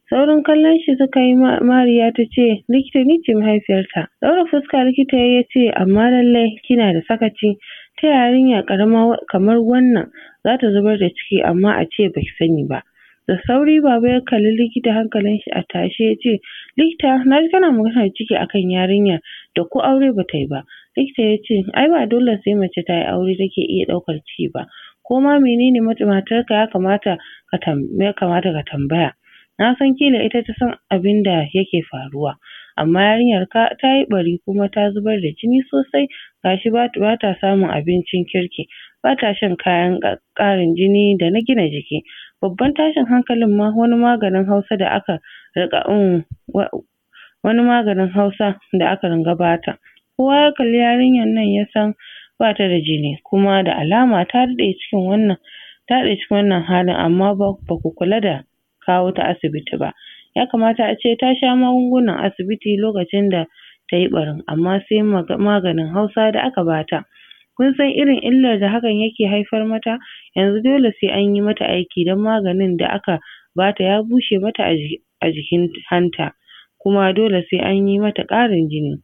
Saurin kallon shi suka yi Mariya ta ce, Likita ni ce mahaifiyarta. Daura fuska likita ya ce, amma lallai kina da sakaci. Ta yarinya karama kamar wannan za ta zubar da ciki amma a ce baki sani ba. Da sauri baba ya kalli likita hankalin shi a tashe ya ce, Likita, na ji kana magana ciki akan yarinya da ko aure ba ta yi ba. Likita ya ce, ai ba dole sai mace ta yi aure take iya ɗaukar ciki ba. ko ma menene matarka ya kamata ka ya kamata ka tambaya na san kila ita ta san abin da yake faruwa amma yarinyar ka ta yi ɓari kuma ta zubar da jini sosai gashi ba ta samun abincin kirki ba ta shan kayan ƙarin jini da na gina jiki babban tashin hankalin ma wani maganin hausa da aka riƙa um wani maganin hausa da aka ringa bata kowa ya kalli yarinyar nan ya san bata da jini kuma da alama ta daɗe cikin wannan ta daɗe cikin wannan halin amma ba ku kula da kawo ta asibiti ba ya kamata a ce ta sha magungunan asibiti lokacin da ta yi ɓarin amma sai maganin hausa da aka bata kun san irin illar da hakan yake haifar mata yanzu dole sai an yi mata aiki don maganin da aka bata ya bushe mata a jikin hanta kuma dole sai an yi mata ƙarin jini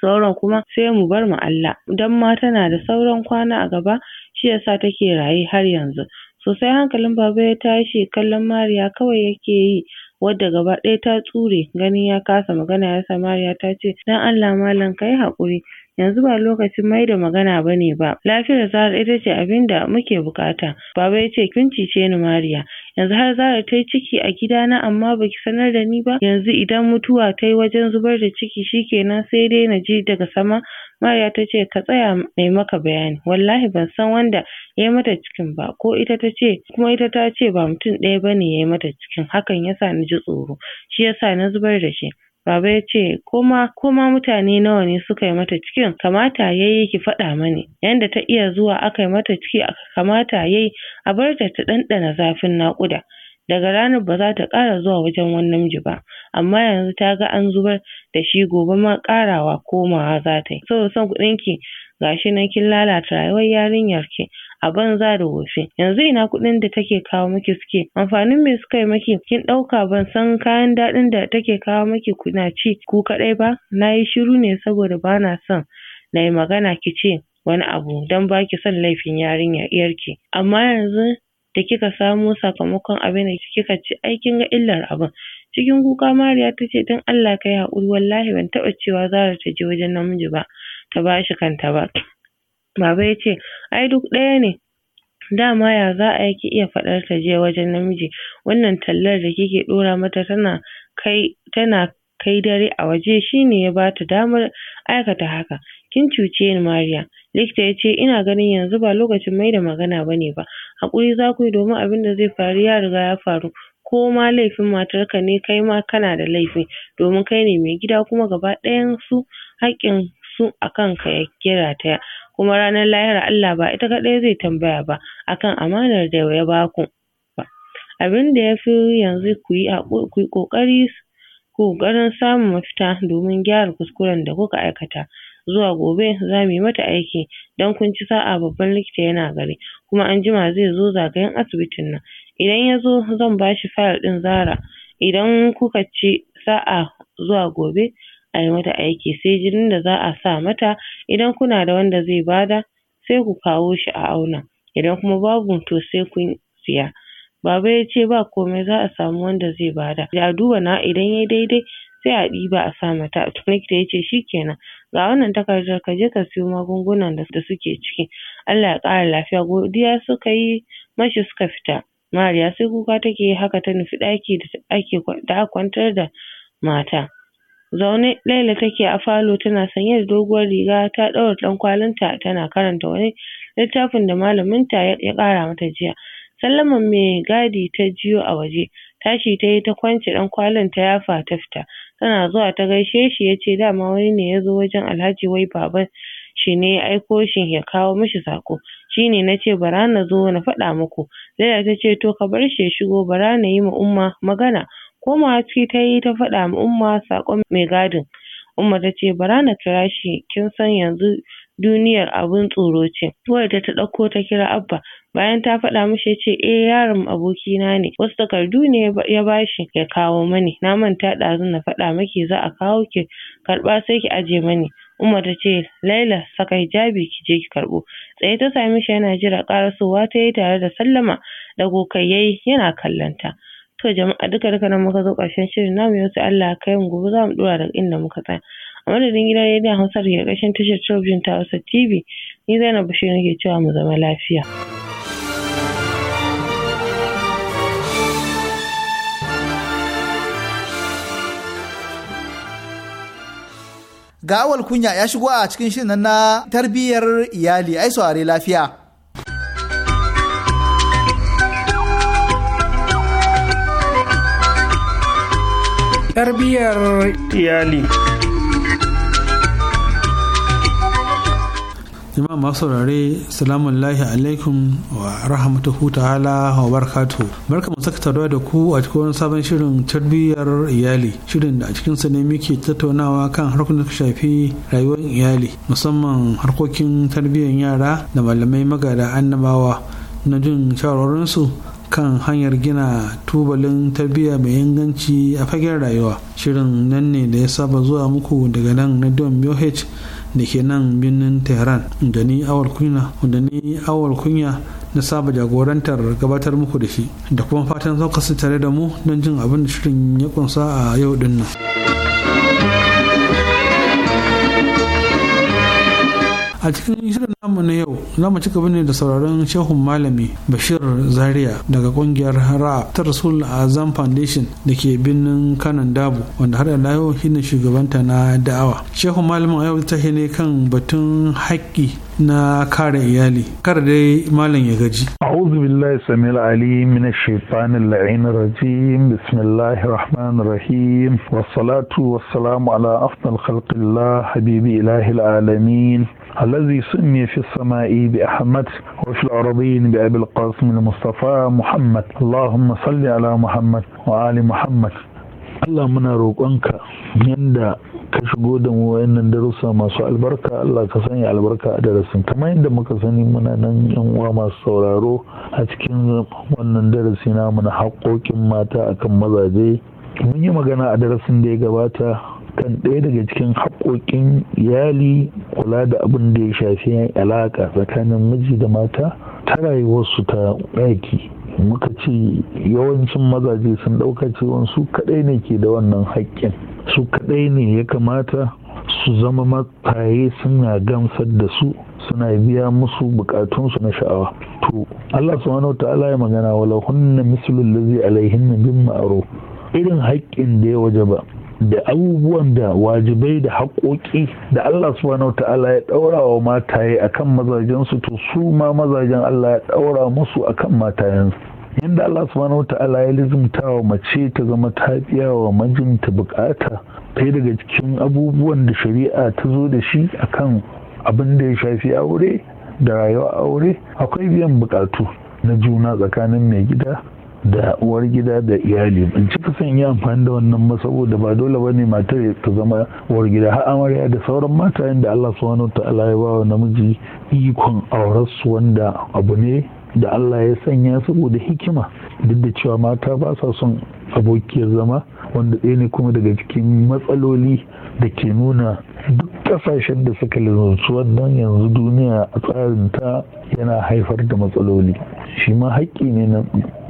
sauran kuma sai mu bar ma Allah dan ma tana da sauran kwana a gaba shi yasa take raye har yanzu sosai hankalin baba ya tashi kallon Mariya kawai yake yi wadda gaba ɗaya ta tsure ganin ya kasa magana yasa Mariya ta ce dan Allah malam kayi haƙuri yanzu ba lokacin mai da magana bane ba lafiyar Zara ita ce abin da muke bukata baba ya ce kin cice ni Mariya yanzu har Zara tayi ciki a gidana amma baki sanar da ni ba yanzu idan mutuwa tayi wajen zubar da ciki shikenan sai dai na ji daga sama Mariya ta ce ka tsaya mai maka bayani wallahi ban san wanda yayi mata cikin ba ko ita ta ce? kuma ita ta ce ba mutum ɗaya bane yayi mata cikin hakan yasa ji tsoro shi sa na zubar da shi Baba ya ce, Koma, koma mutane nawa ne suka yi mata cikin, kamata ya yi ki faɗa mani. Yanda ta iya zuwa aka yi mata ciki, kamata ya yi a bar ta ta ɗanɗana zafin naƙuda. Daga ranar ba za ta ƙara zuwa wajen wani namiji ba, amma yanzu ta ga an zubar da shi gobe ma ƙarawa komawa za ta yi. Saboda son kuɗinki, ga shi nan kin lalata rayuwar yarinyar yarinyarki. a banza da wofi yanzu ina kuɗin da take kawo miki suke amfanin me suka yi miki kin ɗauka ban san kayan daɗin da take kawo miki kuna ci ku kaɗai ba nayi shiru ne saboda bana son nayi magana kice wani abu don baki son laifin yarinya ƴarki amma yanzu da kika samo sakamakon abin da kika ci ai kin ga illar abin cikin kuka Mariya tace don Allah kayi haƙuri wallahi ban taɓa cewa Zara je wajen namiji ba ta bashi kanta ba Baba ya ce, ai duk ɗaya ne. Dama ya za a yi ki iya faɗar ta je wajen namiji, wannan tallar da kike ɗora mata tana kai tana kai dare a waje shine ya bata damar aikata haka. Kin cuce ni Mariya. Likita ya ce ina ganin yanzu ba lokacin mai da magana ne ba. Haƙuri za ku yi domin abin da zai faru ya riga ya faru. Ko ma laifin matarka ne kai ma kana da laifi domin kai ne mai gida kuma gaba ɗayan su haƙƙin su a kanka ya ta kuma ranar lahira Allah ba ita kaɗai zai tambaya ba akan amanar da ya baku ba. Abin da ya fi yanzu ku yi ƙoƙari ƙoƙarin samun mafita domin gyara kuskuren da kuka aikata. Zuwa gobe za mu yi mata aiki don kun ci sa'a babban likita yana gari kuma an jima zai zo zagayen asibitin nan. Idan ya zo zan ba shi fayil ɗin Zara idan kuka ci sa'a zuwa gobe a mata aiki sai jinin da za a sa mata idan kuna da wanda zai bada sai ku kawo shi a auna idan kuma babu to sai kun siya. Baba ya ce ba komai za a samu wanda zai bada a duba na, idan yayi daidai sai a ɗiba a sa mata likita ya ce kenan, ga wannan takardar ka je ka siyo magungunan da suke ciki Allah ya ƙara lafiya godiya suka yi mashi suka fita. Mariya sai kuka take haka ta nufi ɗaki da ake kwantar da mata. Zaune Laila take a falo tana sanye da doguwar riga ta ɗaura ɗankwalinta tana karanta wani littafin da malaminta ya ƙara mata jiya. Sallaman mai gadi ta jiyo a waje, tashi ta yi ta kwance ɗan kwalin ta yafa ta fita. Tana zuwa ta gaishe shi ya ce dama wani ne ya zo wajen Alhaji wai baban shi ne ya aiko shi ya kawo mishi saƙo, shi ne na ce bara na zo na faɗa muku. Laila ta ce to ka bar shi ya shigo bara na yi ma Umma magana. Komawa ciki ta yi ta faɗa ma Umma saƙon mai gadin. Umma ta ce, bara na kira shi, kin san yanzu duniyar abun tsoro ce. Wayarta ta ɗauko ta kira Abba. Bayan ta faɗa mishi ya ce, eh yaron abokina ne, wasu takardu ne ya bashi ya kawo mani. Na manta ɗazu na faɗa maki za a kawo ki karɓa sai ki aje mani. Umma ta ce, Laila saka hijabi ki je ki karɓo. Tsaye ta sami shi yana jira ƙarasowa ta yi tare da sallama da kokayyai yana kallon ta. To jama'a duka duka nan muka zo ƙarshen shirin namu yau sai Allah kai mu gobe za mu dora daga inda muka tsaya. A madadin gidan rediyon Hausa da ƙarshen tashar talabijin ta Hausa TV ni Zainab Bashir nake cewa mu zama lafiya. Ga kunya ya shigo a cikin shirin na tarbiyyar iyali ai saurare lafiya. tarbiyyar iyali jama'a masu saurare salamun lahi alaikum wa rahmatuhu ta'ala wa barkatu barka mu saka taruwa da ku a cikin sabon shirin tarbiyyar iyali shirin da a cikin sa ne muke tattaunawa kan harkokin da shafi rayuwar iyali musamman harkokin tarbiyyar yara da malamai magada annabawa na jin shawarwarinsu kan hanyar gina tubalin tarbiyya mai inganci a fagen rayuwa shirin nan ne da ya saba zuwa muku daga nan na don BOH da ke nan birnin tehran da ni awal kunya da ni awal kunya na saba jagorantar gabatar muku da shi da kuma fatan zan tare da mu don jin abin da shirin ya kunsa a yau din nan. a cikin shirin namu na yau za mu ci gaba ne da sauraron shehun malami bashir zaria daga kungiyar ra ta rasul azam foundation da ke birnin kanan dabu wanda har da yau shine shugabanta na da'awa shehun malamin a yau ta ne kan batun haƙƙi na kare iyali kar dai malam ya gaji a'udhu billahi samil alim min shaitanir la'in rajim rahmanir rahim ala afdal khalqillah habibi ilahil alamin الذي سمي في السماء بأحمد وفي الأرضين بأبي القاسم المصطفى محمد اللهم صل على محمد وآل محمد Allah muna roƙonka yadda ka shigo da mu wayannan darussa masu albarka Allah ka sanya albarka a darasin kamar yadda muka sani muna nan yan uwa masu sauraro a cikin wannan darasi na muna haƙoƙin mata akan mazaje mun yi magana a darasin da ya gabata kan ɗaya daga cikin haƙoƙin iyali kula da abin da ya shafi alaƙa tsakanin miji da mata ta rayuwarsu ta aiki muka ce yawancin mazaje sun ɗauka cewa su kaɗai ne ke da wannan haƙƙin su kaɗai ne ya kamata su zama mataye suna gamsar da su suna biya musu bukatunsu na sha'awa to Allah subhanahu ta'ala ya magana wala hunna mislul ladzi na bin ma'ruf irin haƙƙin da ya ba. da abubuwan da wajibai da haƙoƙi da Allah subhanahu ta'ala ya ɗaura wa mataye kan mazajensu to su ma mazajen Allah ya ɗaura musu a kan matayensu yadda Allah subhanahu ta'ala ya lizimta wa mace ta zama ta biya wa majinta bukata ɗaya daga cikin abubuwan da shari'a ta zo da shi a kan abin da ya shafi aure da rayuwa aure akwai biyan buƙatu na juna tsakanin mai gida da uwar gida da iyali ban cika son yi amfani da wannan ma saboda ba dole bane matar ta zama uwar gida har amarya da sauran matayen da Allah subhanahu ta'ala ya ba wa namiji ikon aurarsu wanda abu ne da Allah ya sanya saboda hikima duk da cewa mata ba sa son abokiyar zama wanda ɗaya ne kuma daga cikin matsaloli da ke nuna kasashen da suka lalace wannan yanzu duniya a tsarin ta yana haifar da matsaloli shi ma haƙƙi ne na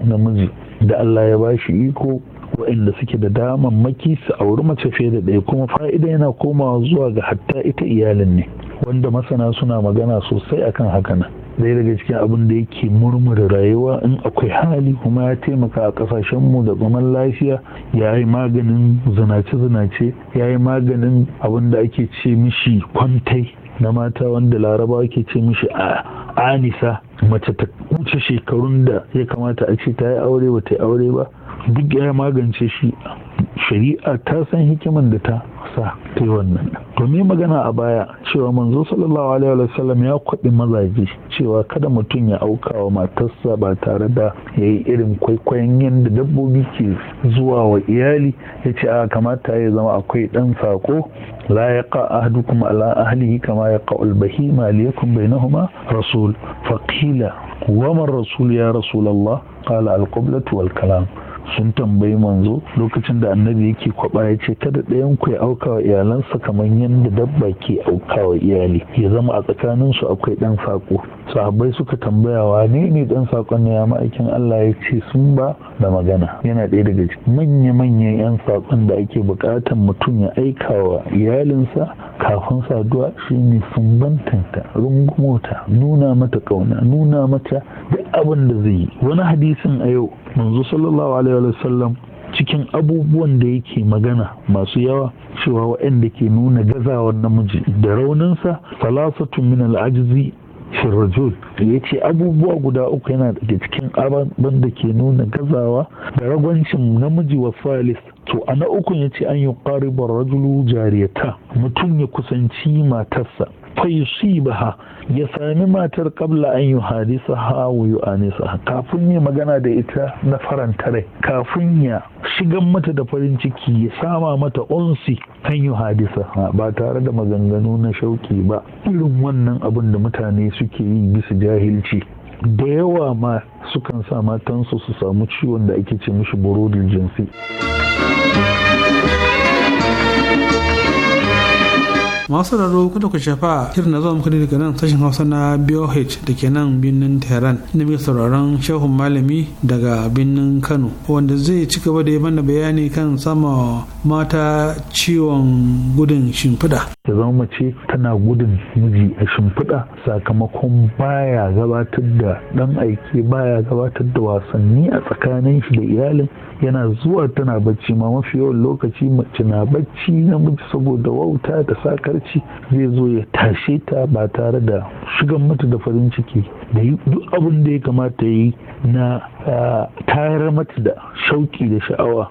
namiji da Allah ya ba shi iko waɗanda suke da damammaki su auri mace fiye da ɗaya kuma fa'ida yana komawa zuwa ga hatta ita iyalin ne wanda masana suna magana sosai akan haka nan ɗaya daga cikin abin da yake murmura rayuwa in akwai hali kuma ya taimaka a ƙasashenmu da zaman lafiya ya yi maganin zinace-zinace ya yi maganin abin da ake ce mishi kwantai na mata wanda larabawa ke ce mishi a anisa mace ta wuce shekarun da ya kamata a ce ta yi aure ba ta yi aure ba duk ya magance shi shari'a ta san hikiman da ta sa ta yi wannan domin magana a baya cewa manzo sallallahu alaihi wa sallam ya kwaɗi mazaje cewa kada mutum ya auka wa matarsa ba tare da ya yi irin kwaikwayon yadda dabbobi ke zuwa wa iyali ya ce a kamata ya zama akwai ɗan saƙo la ya ka ahadukum ala ahlihi kama ya ka ulbahima liyakum bainahuma rasul faqila wa man rasul ya rasulallah qala al-qiblatu wal kalam sun tambayi manzo lokacin da annabi yake kwaba ya ce kada ɗayan ku ya auka wa iyalansa kamar yadda dabba ke auka wa iyali ya zama a tsakanin su akwai ɗan saƙo sahabbai suka tambaya wa ne ne ɗan saƙon ne ya ma'aikin Allah ya ce sun ba da magana yana ɗaya daga cikin manya-manyan 'yan saƙon da ake buƙatar mutum ya aika wa iyalinsa kafin saduwa shine sumbantanta rungumota nuna mata ƙauna nuna mata duk abin da zai yi wani hadisin a yau manzo sallallahu alaihi wa sallam cikin abubuwan da yake magana masu yawa cewa waɗanda ke nuna gazawar namiji da rauninsa salasatu min al'ajizi shirajul ya ce abubuwa guda uku yana da cikin abubuwan da ke nuna gazawa da ragwancin namiji wa salis to a na ukun ya ce an yi ƙaribar rajulu jariyata mutum ya kusanci matarsa fayusibaha ya sami matar ƙabla an yi hadisa ha a nisa. kafin ya magana da ita na faranta rai kafin ya shigan mata da farin ciki ya sama mata onsi an yi hadisa ba tare da maganganu na shauki ba irin wannan abin da mutane suke yi bisa jahilci da yawa ma sukan sa matansu su samu ciwon da ake ce mishi burodin jinsi masu sauraro kuma ku shafa shirin na zuwa muku daga nan sashen hausa na boh da ke nan birnin tehran inda muke sauraron shehun malami daga birnin kano wanda zai ci gaba da yi mana bayani kan sama mata ciwon gudun shimfiɗa. da zama mace tana gudun miji a shimfiɗa sakamakon baya gabatar da ɗan aiki baya gabatar da wasanni a tsakanin shi da iyalin yana zuwa tana bacci ma mafi yawan lokaci mace na bacci namiji saboda wauta da sakarci zai zo ya tashe ta ba tare da shigan mata da farin ciki da duk abin da ya kamata yi na tayar mata da shauki da sha'awa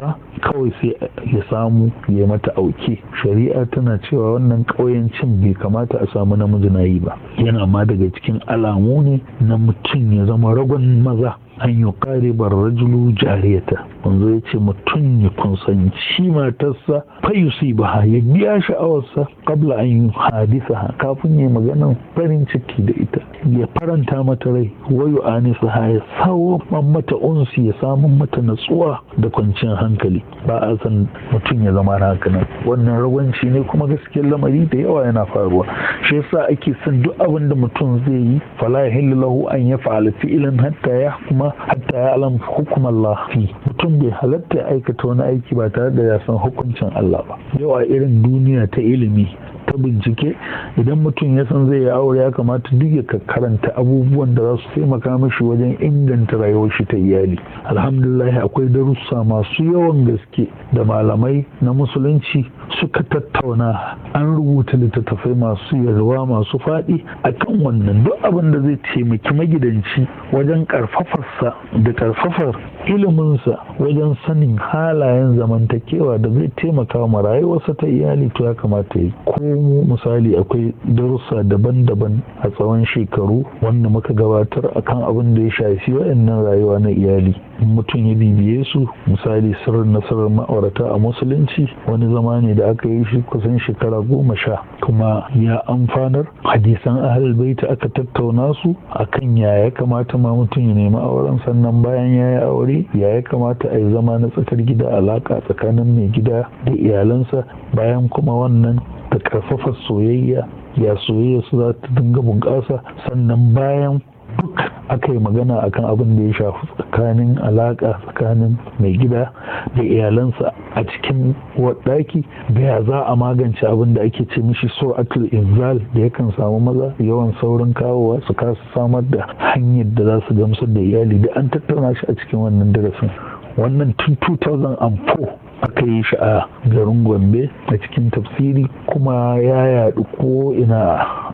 ba kawai sai ya samu ya mata auke shari'a tana cewa wannan ƙauyancin bai kamata a samu namiji na yi ba yana ma daga cikin alamu ne na mutum ya zama ragon maza an yi bar rajulu jariyata wanzu ya ce mutum ya shi matarsa fayusi ba ya biya sha'awarsa kabla an yi hadisa kafin ya maganan farin ciki da ita ya faranta mata rai wayo anisa ha ya sawo mata unsi ya samun mata natsuwa da kwanciyar hankali ba a san mutum ya zama haka nan wannan ragwanci ne kuma gaskiyar lamari da yawa yana faruwa shi yasa ake son duk abin da mutum zai yi fala yahillu lahu an ya fa'ala fi'ilan hatta kuma. kuma hatta ya alam hukum Allah fi mutum bai halatta aikata wani aiki ba tare da ya san hukuncin Allah ba yau a irin duniya ta ilimi ta bincike idan mutum ya san zai yi aure ya kamata duk ya karanta abubuwan da za su taimaka mishi wajen inganta rayuwar shi ta iyali alhamdulillah akwai darussa masu yawan gaske da malamai na musulunci suka tattauna an rubuta littattafai masu yalwa masu faɗi kan wannan duk abin da zai taimaki magidanci wajen karfafarsa da karfafar iliminsa wajen sanin halayen zamantakewa da zai taimaka wa rayuwarsa ta iyali to ya kamata yi ko mu misali akwai darussa daban-daban a tsawon shekaru wanda muka gabatar akan abin da ya shafi waɗannan rayuwa na iyali mutum ya bibiye su misali sirrin nasarar ma'aurata a musulunci wani zama ne da aka yi shi kusan shekara goma sha kuma ya amfanar hadisan ahal baita aka tattauna su akan ya ya kamata ma mutum ya nemi auren sannan bayan ya yi aure ya ya kamata a yi zama na tsakar gida alaka tsakanin mai gida da iyalansa bayan kuma wannan ta karfafa soyayya ya soyayya su za ta dinga bunƙasa sannan bayan duk aka yi magana akan abin da ya shafi tsakanin alaƙa tsakanin mai gida da iyalansa a cikin waɗaki da ya za a magance abin da ake ce mishi so atul inzal da yakan samu maza yawan saurin kawowa su kasa samar da hanyar da za su gamsar da iyali da an tattauna shi a cikin wannan darasin wannan tun 2004 aka yi shi a garin gombe a cikin tafsiri kuma ya yaɗu ko ina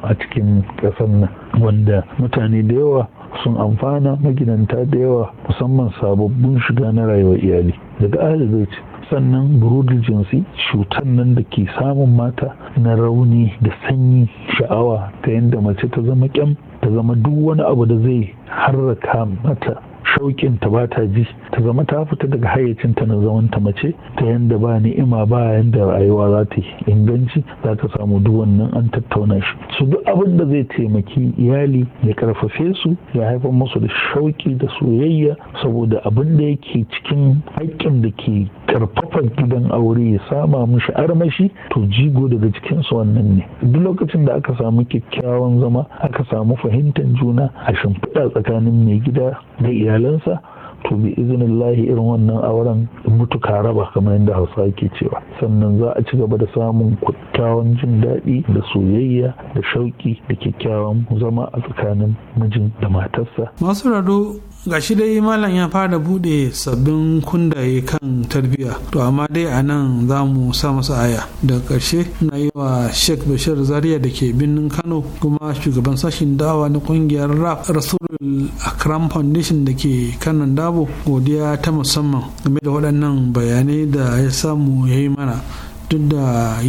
a cikin ƙasar nan wanda mutane da yawa sun amfana magidanta da yawa musamman sababbin shiga na rayuwar iyali daga ahalibaiti sannan burudul jinsi cutar nan da ke samun mata na rauni da sanyi sha'awa ta yadda mace ta zama kyam ta zama duk wani abu da zai harraka mata shauƙin ta bata ji ta zama ta fita daga hayyacin ta na zaman ta mace ta yanda ba ni'ima ba yanda rayuwa za ta yi inganci za ka samu duk wannan an tattauna shi su duk abin da zai taimaki iyali ya karfafe su ya haifar musu da shauƙi da soyayya saboda abin da yake cikin haƙƙin da ke karfafa gidan aure ya sama mushi armashi to jigo daga cikin su wannan ne duk lokacin da aka samu kyakkyawan zama aka samu fahimtar juna a shimfiɗa tsakanin mai gida da iyali iyalansa to bi izinillahi irin wannan auren mutuka raba kamar yadda hausa ke cewa sannan za a ci gaba da samun kyakkyawan jin daɗi da soyayya da shauƙi da kyakkyawan zama a tsakanin mijin da matarsa masu rado ga shi dai malam ya fara bude sabbin kundaye kan tarbiyya to amma dai a nan za mu sa masa aya da ƙarshe na yi wa sheikh bashir zaria da ke birnin kano kuma shugaban sashin dawa na ƙungiyar rap rasulul akram foundation da ke kanan dabo godiya ta musamman game da waɗannan bayanai da ya samu ya yi mana duk da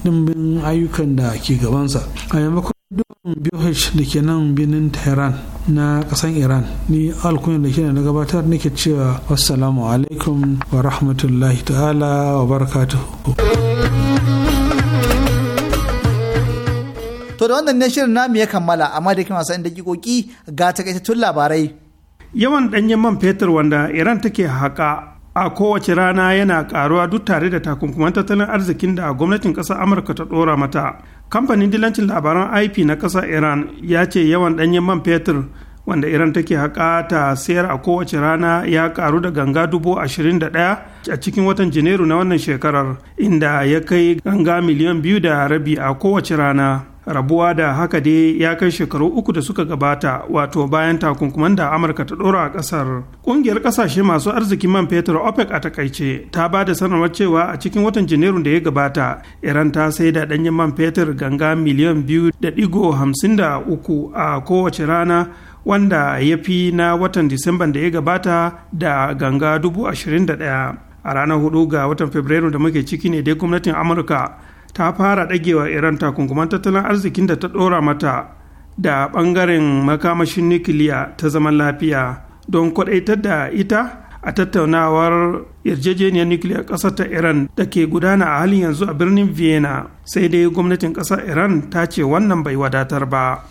dimbin ayyukan da ke gabansa a BOH da ke nan birnin Tehran na kasan Iran ni alkunyar da ke na gabatar nake cewa wassalamu alaikum wa rahmatullahi ta'ala wa barakatuhu. To da wannan ne shirin namu ya kammala amma da kuma sa'in dakikoki ga takaitattun labarai. Yawan ɗanyen man fetur wanda Iran take haƙa a kowace rana yana karuwa duk tare da takunkuman tattalin arzikin da gwamnatin ƙasar amurka ta ɗora mata kamfanin dilancin labaran ip na ƙasar iran ya ce yawan ɗanyen man fetur wanda iran take haƙa ta sayar a kowace rana ya karu da ganga dubu ashirin da ɗaya a cikin watan janairu na wannan shekarar inda ya kai ganga miliyan biyu da rabi a kowace rana rabuwa da haka dai ya kai shekaru uku da suka gabata wato bayan takunkuman da amurka ta dora a kasar kungiyar kasashe masu arzikin man fetur opec a takaice ta ba da sanarwar cewa a cikin watan janairu da ya gabata iran ta sai da danyen man fetur ganga miliyan biyu da digo hamsin da uku a kowace rana wanda ya fi na watan disamban da ya gabata da ganga dubu ashirin da daya a ranar hudu ga watan fabrairu da muke ciki ne dai gwamnatin amurka ta fara ɗagewa iran takunkuman tattalin arzikin da ta ɗora mata da ɓangaren makamashin nukiliya ta zaman lafiya don kwaɗaitar da ita a tattaunawar yarjejeniyar nukiliyar ƙasar ta iran da ke gudana a halin yanzu a birnin vienna sai dai gwamnatin ƙasar iran ta ce wannan bai wadatar ba.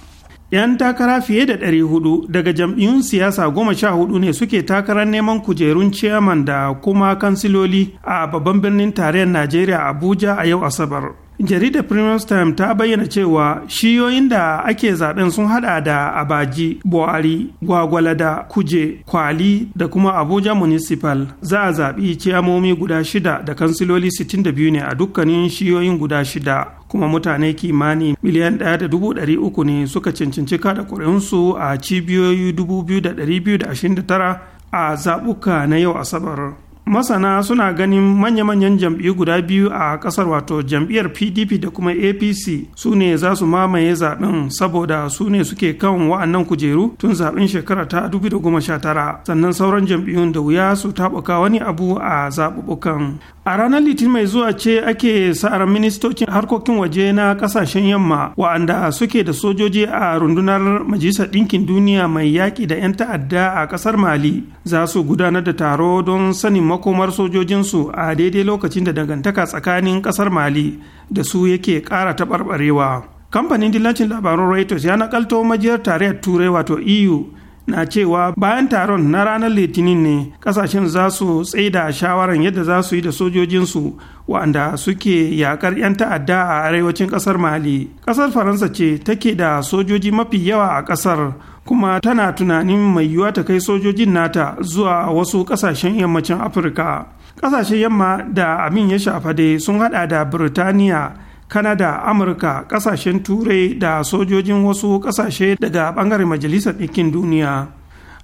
'yan takara fiye da 400 daga jam'iyyun siyasa goma sha hudu ne suke takarar neman kujerun ciyaman da kuma kansiloli a babban birnin tarayyar najeriya abuja a yau asabar jaridar premier time ta bayyana cewa shiyoyin da ake zaben sun hada da abaji buhari gwagwalada kuje kwali da kuma abuja municipal za a zaɓi ciyamomi guda shida da kansiloli 62 ne a dukkanin shiyoyin guda shida kuma mutane kimani miliyan ɗaya da dubu ɗari uku ne suka cancanci kada ƙuri'unsu a cibiyoyi dubu biyu da ɗari biyu da ashirin da tara a zaɓuka na yau asabar. masana suna ganin manya-manyan jam'iyyu guda biyu a kasar wato jam'iyyar pdp da kuma apc su ne za su mamaye zaben saboda su ne suke kan wa'annan kujeru tun zaben shekara ta 2019 sannan sauran jam'iyyun da wuya su taɓuka wani abu a zaɓuɓɓukan a ranar litinin mai zuwa ce ake sa'ar ministocin harkokin waje na kasashen yamma wa'anda suke da sojoji a rundunar majalisar ɗinkin duniya mai yaƙi da 'yan ta'adda a ƙasar mali za su gudanar da taro don sanin makomar sojojinsu a daidai lokacin da dangantaka tsakanin kasar mali da su yake ƙara taɓarɓarewa kamfanin dillancin labarun reuters ya nakalto majiyar tarayyar turai wato eu na cewa bayan taron na ranar litinin ne kasashen za su tsaida shawarar yadda za su yi da sojojinsu wa'anda suke yakar 'yan ta'adda a arewacin kasar mali kasar faransa ce take da sojoji mafi yawa a kasar kuma tana tunanin mai yiwuwa ta kai sojojin nata zuwa wasu kasashen yammacin afirka kasashen yamma da Amin ya shafa dai sun hada da birtaniya kanada amurka kasashen turai da sojojin wasu kasashe daga bangaren majalisar ɗinkin duniya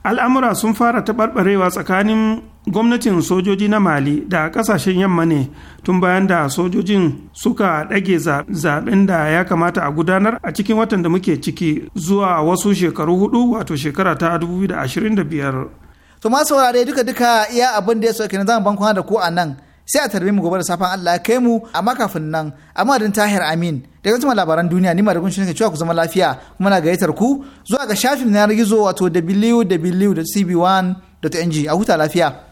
al'amura sun fara taɓarɓarewa tsakanin gwamnatin sojoji na mali da kasashen yamma ne tun bayan da sojojin suka ɗage zaben da ya kamata a gudanar a cikin watan da muke ciki zuwa wasu shekaru hudu wato shekara ta 2025 to ma saurare duka duka iya abin da ya sauke na zaman bankwana da ku a nan sai a tarbe mu gobe da safan Allah ya kai mu amma kafin nan amma din tahir amin daga cikin labaran duniya ni da shi ne cewa ku zama lafiya kuma na gayyatar ku zuwa ga shafin na gizo wato www.cb1.ng a huta lafiya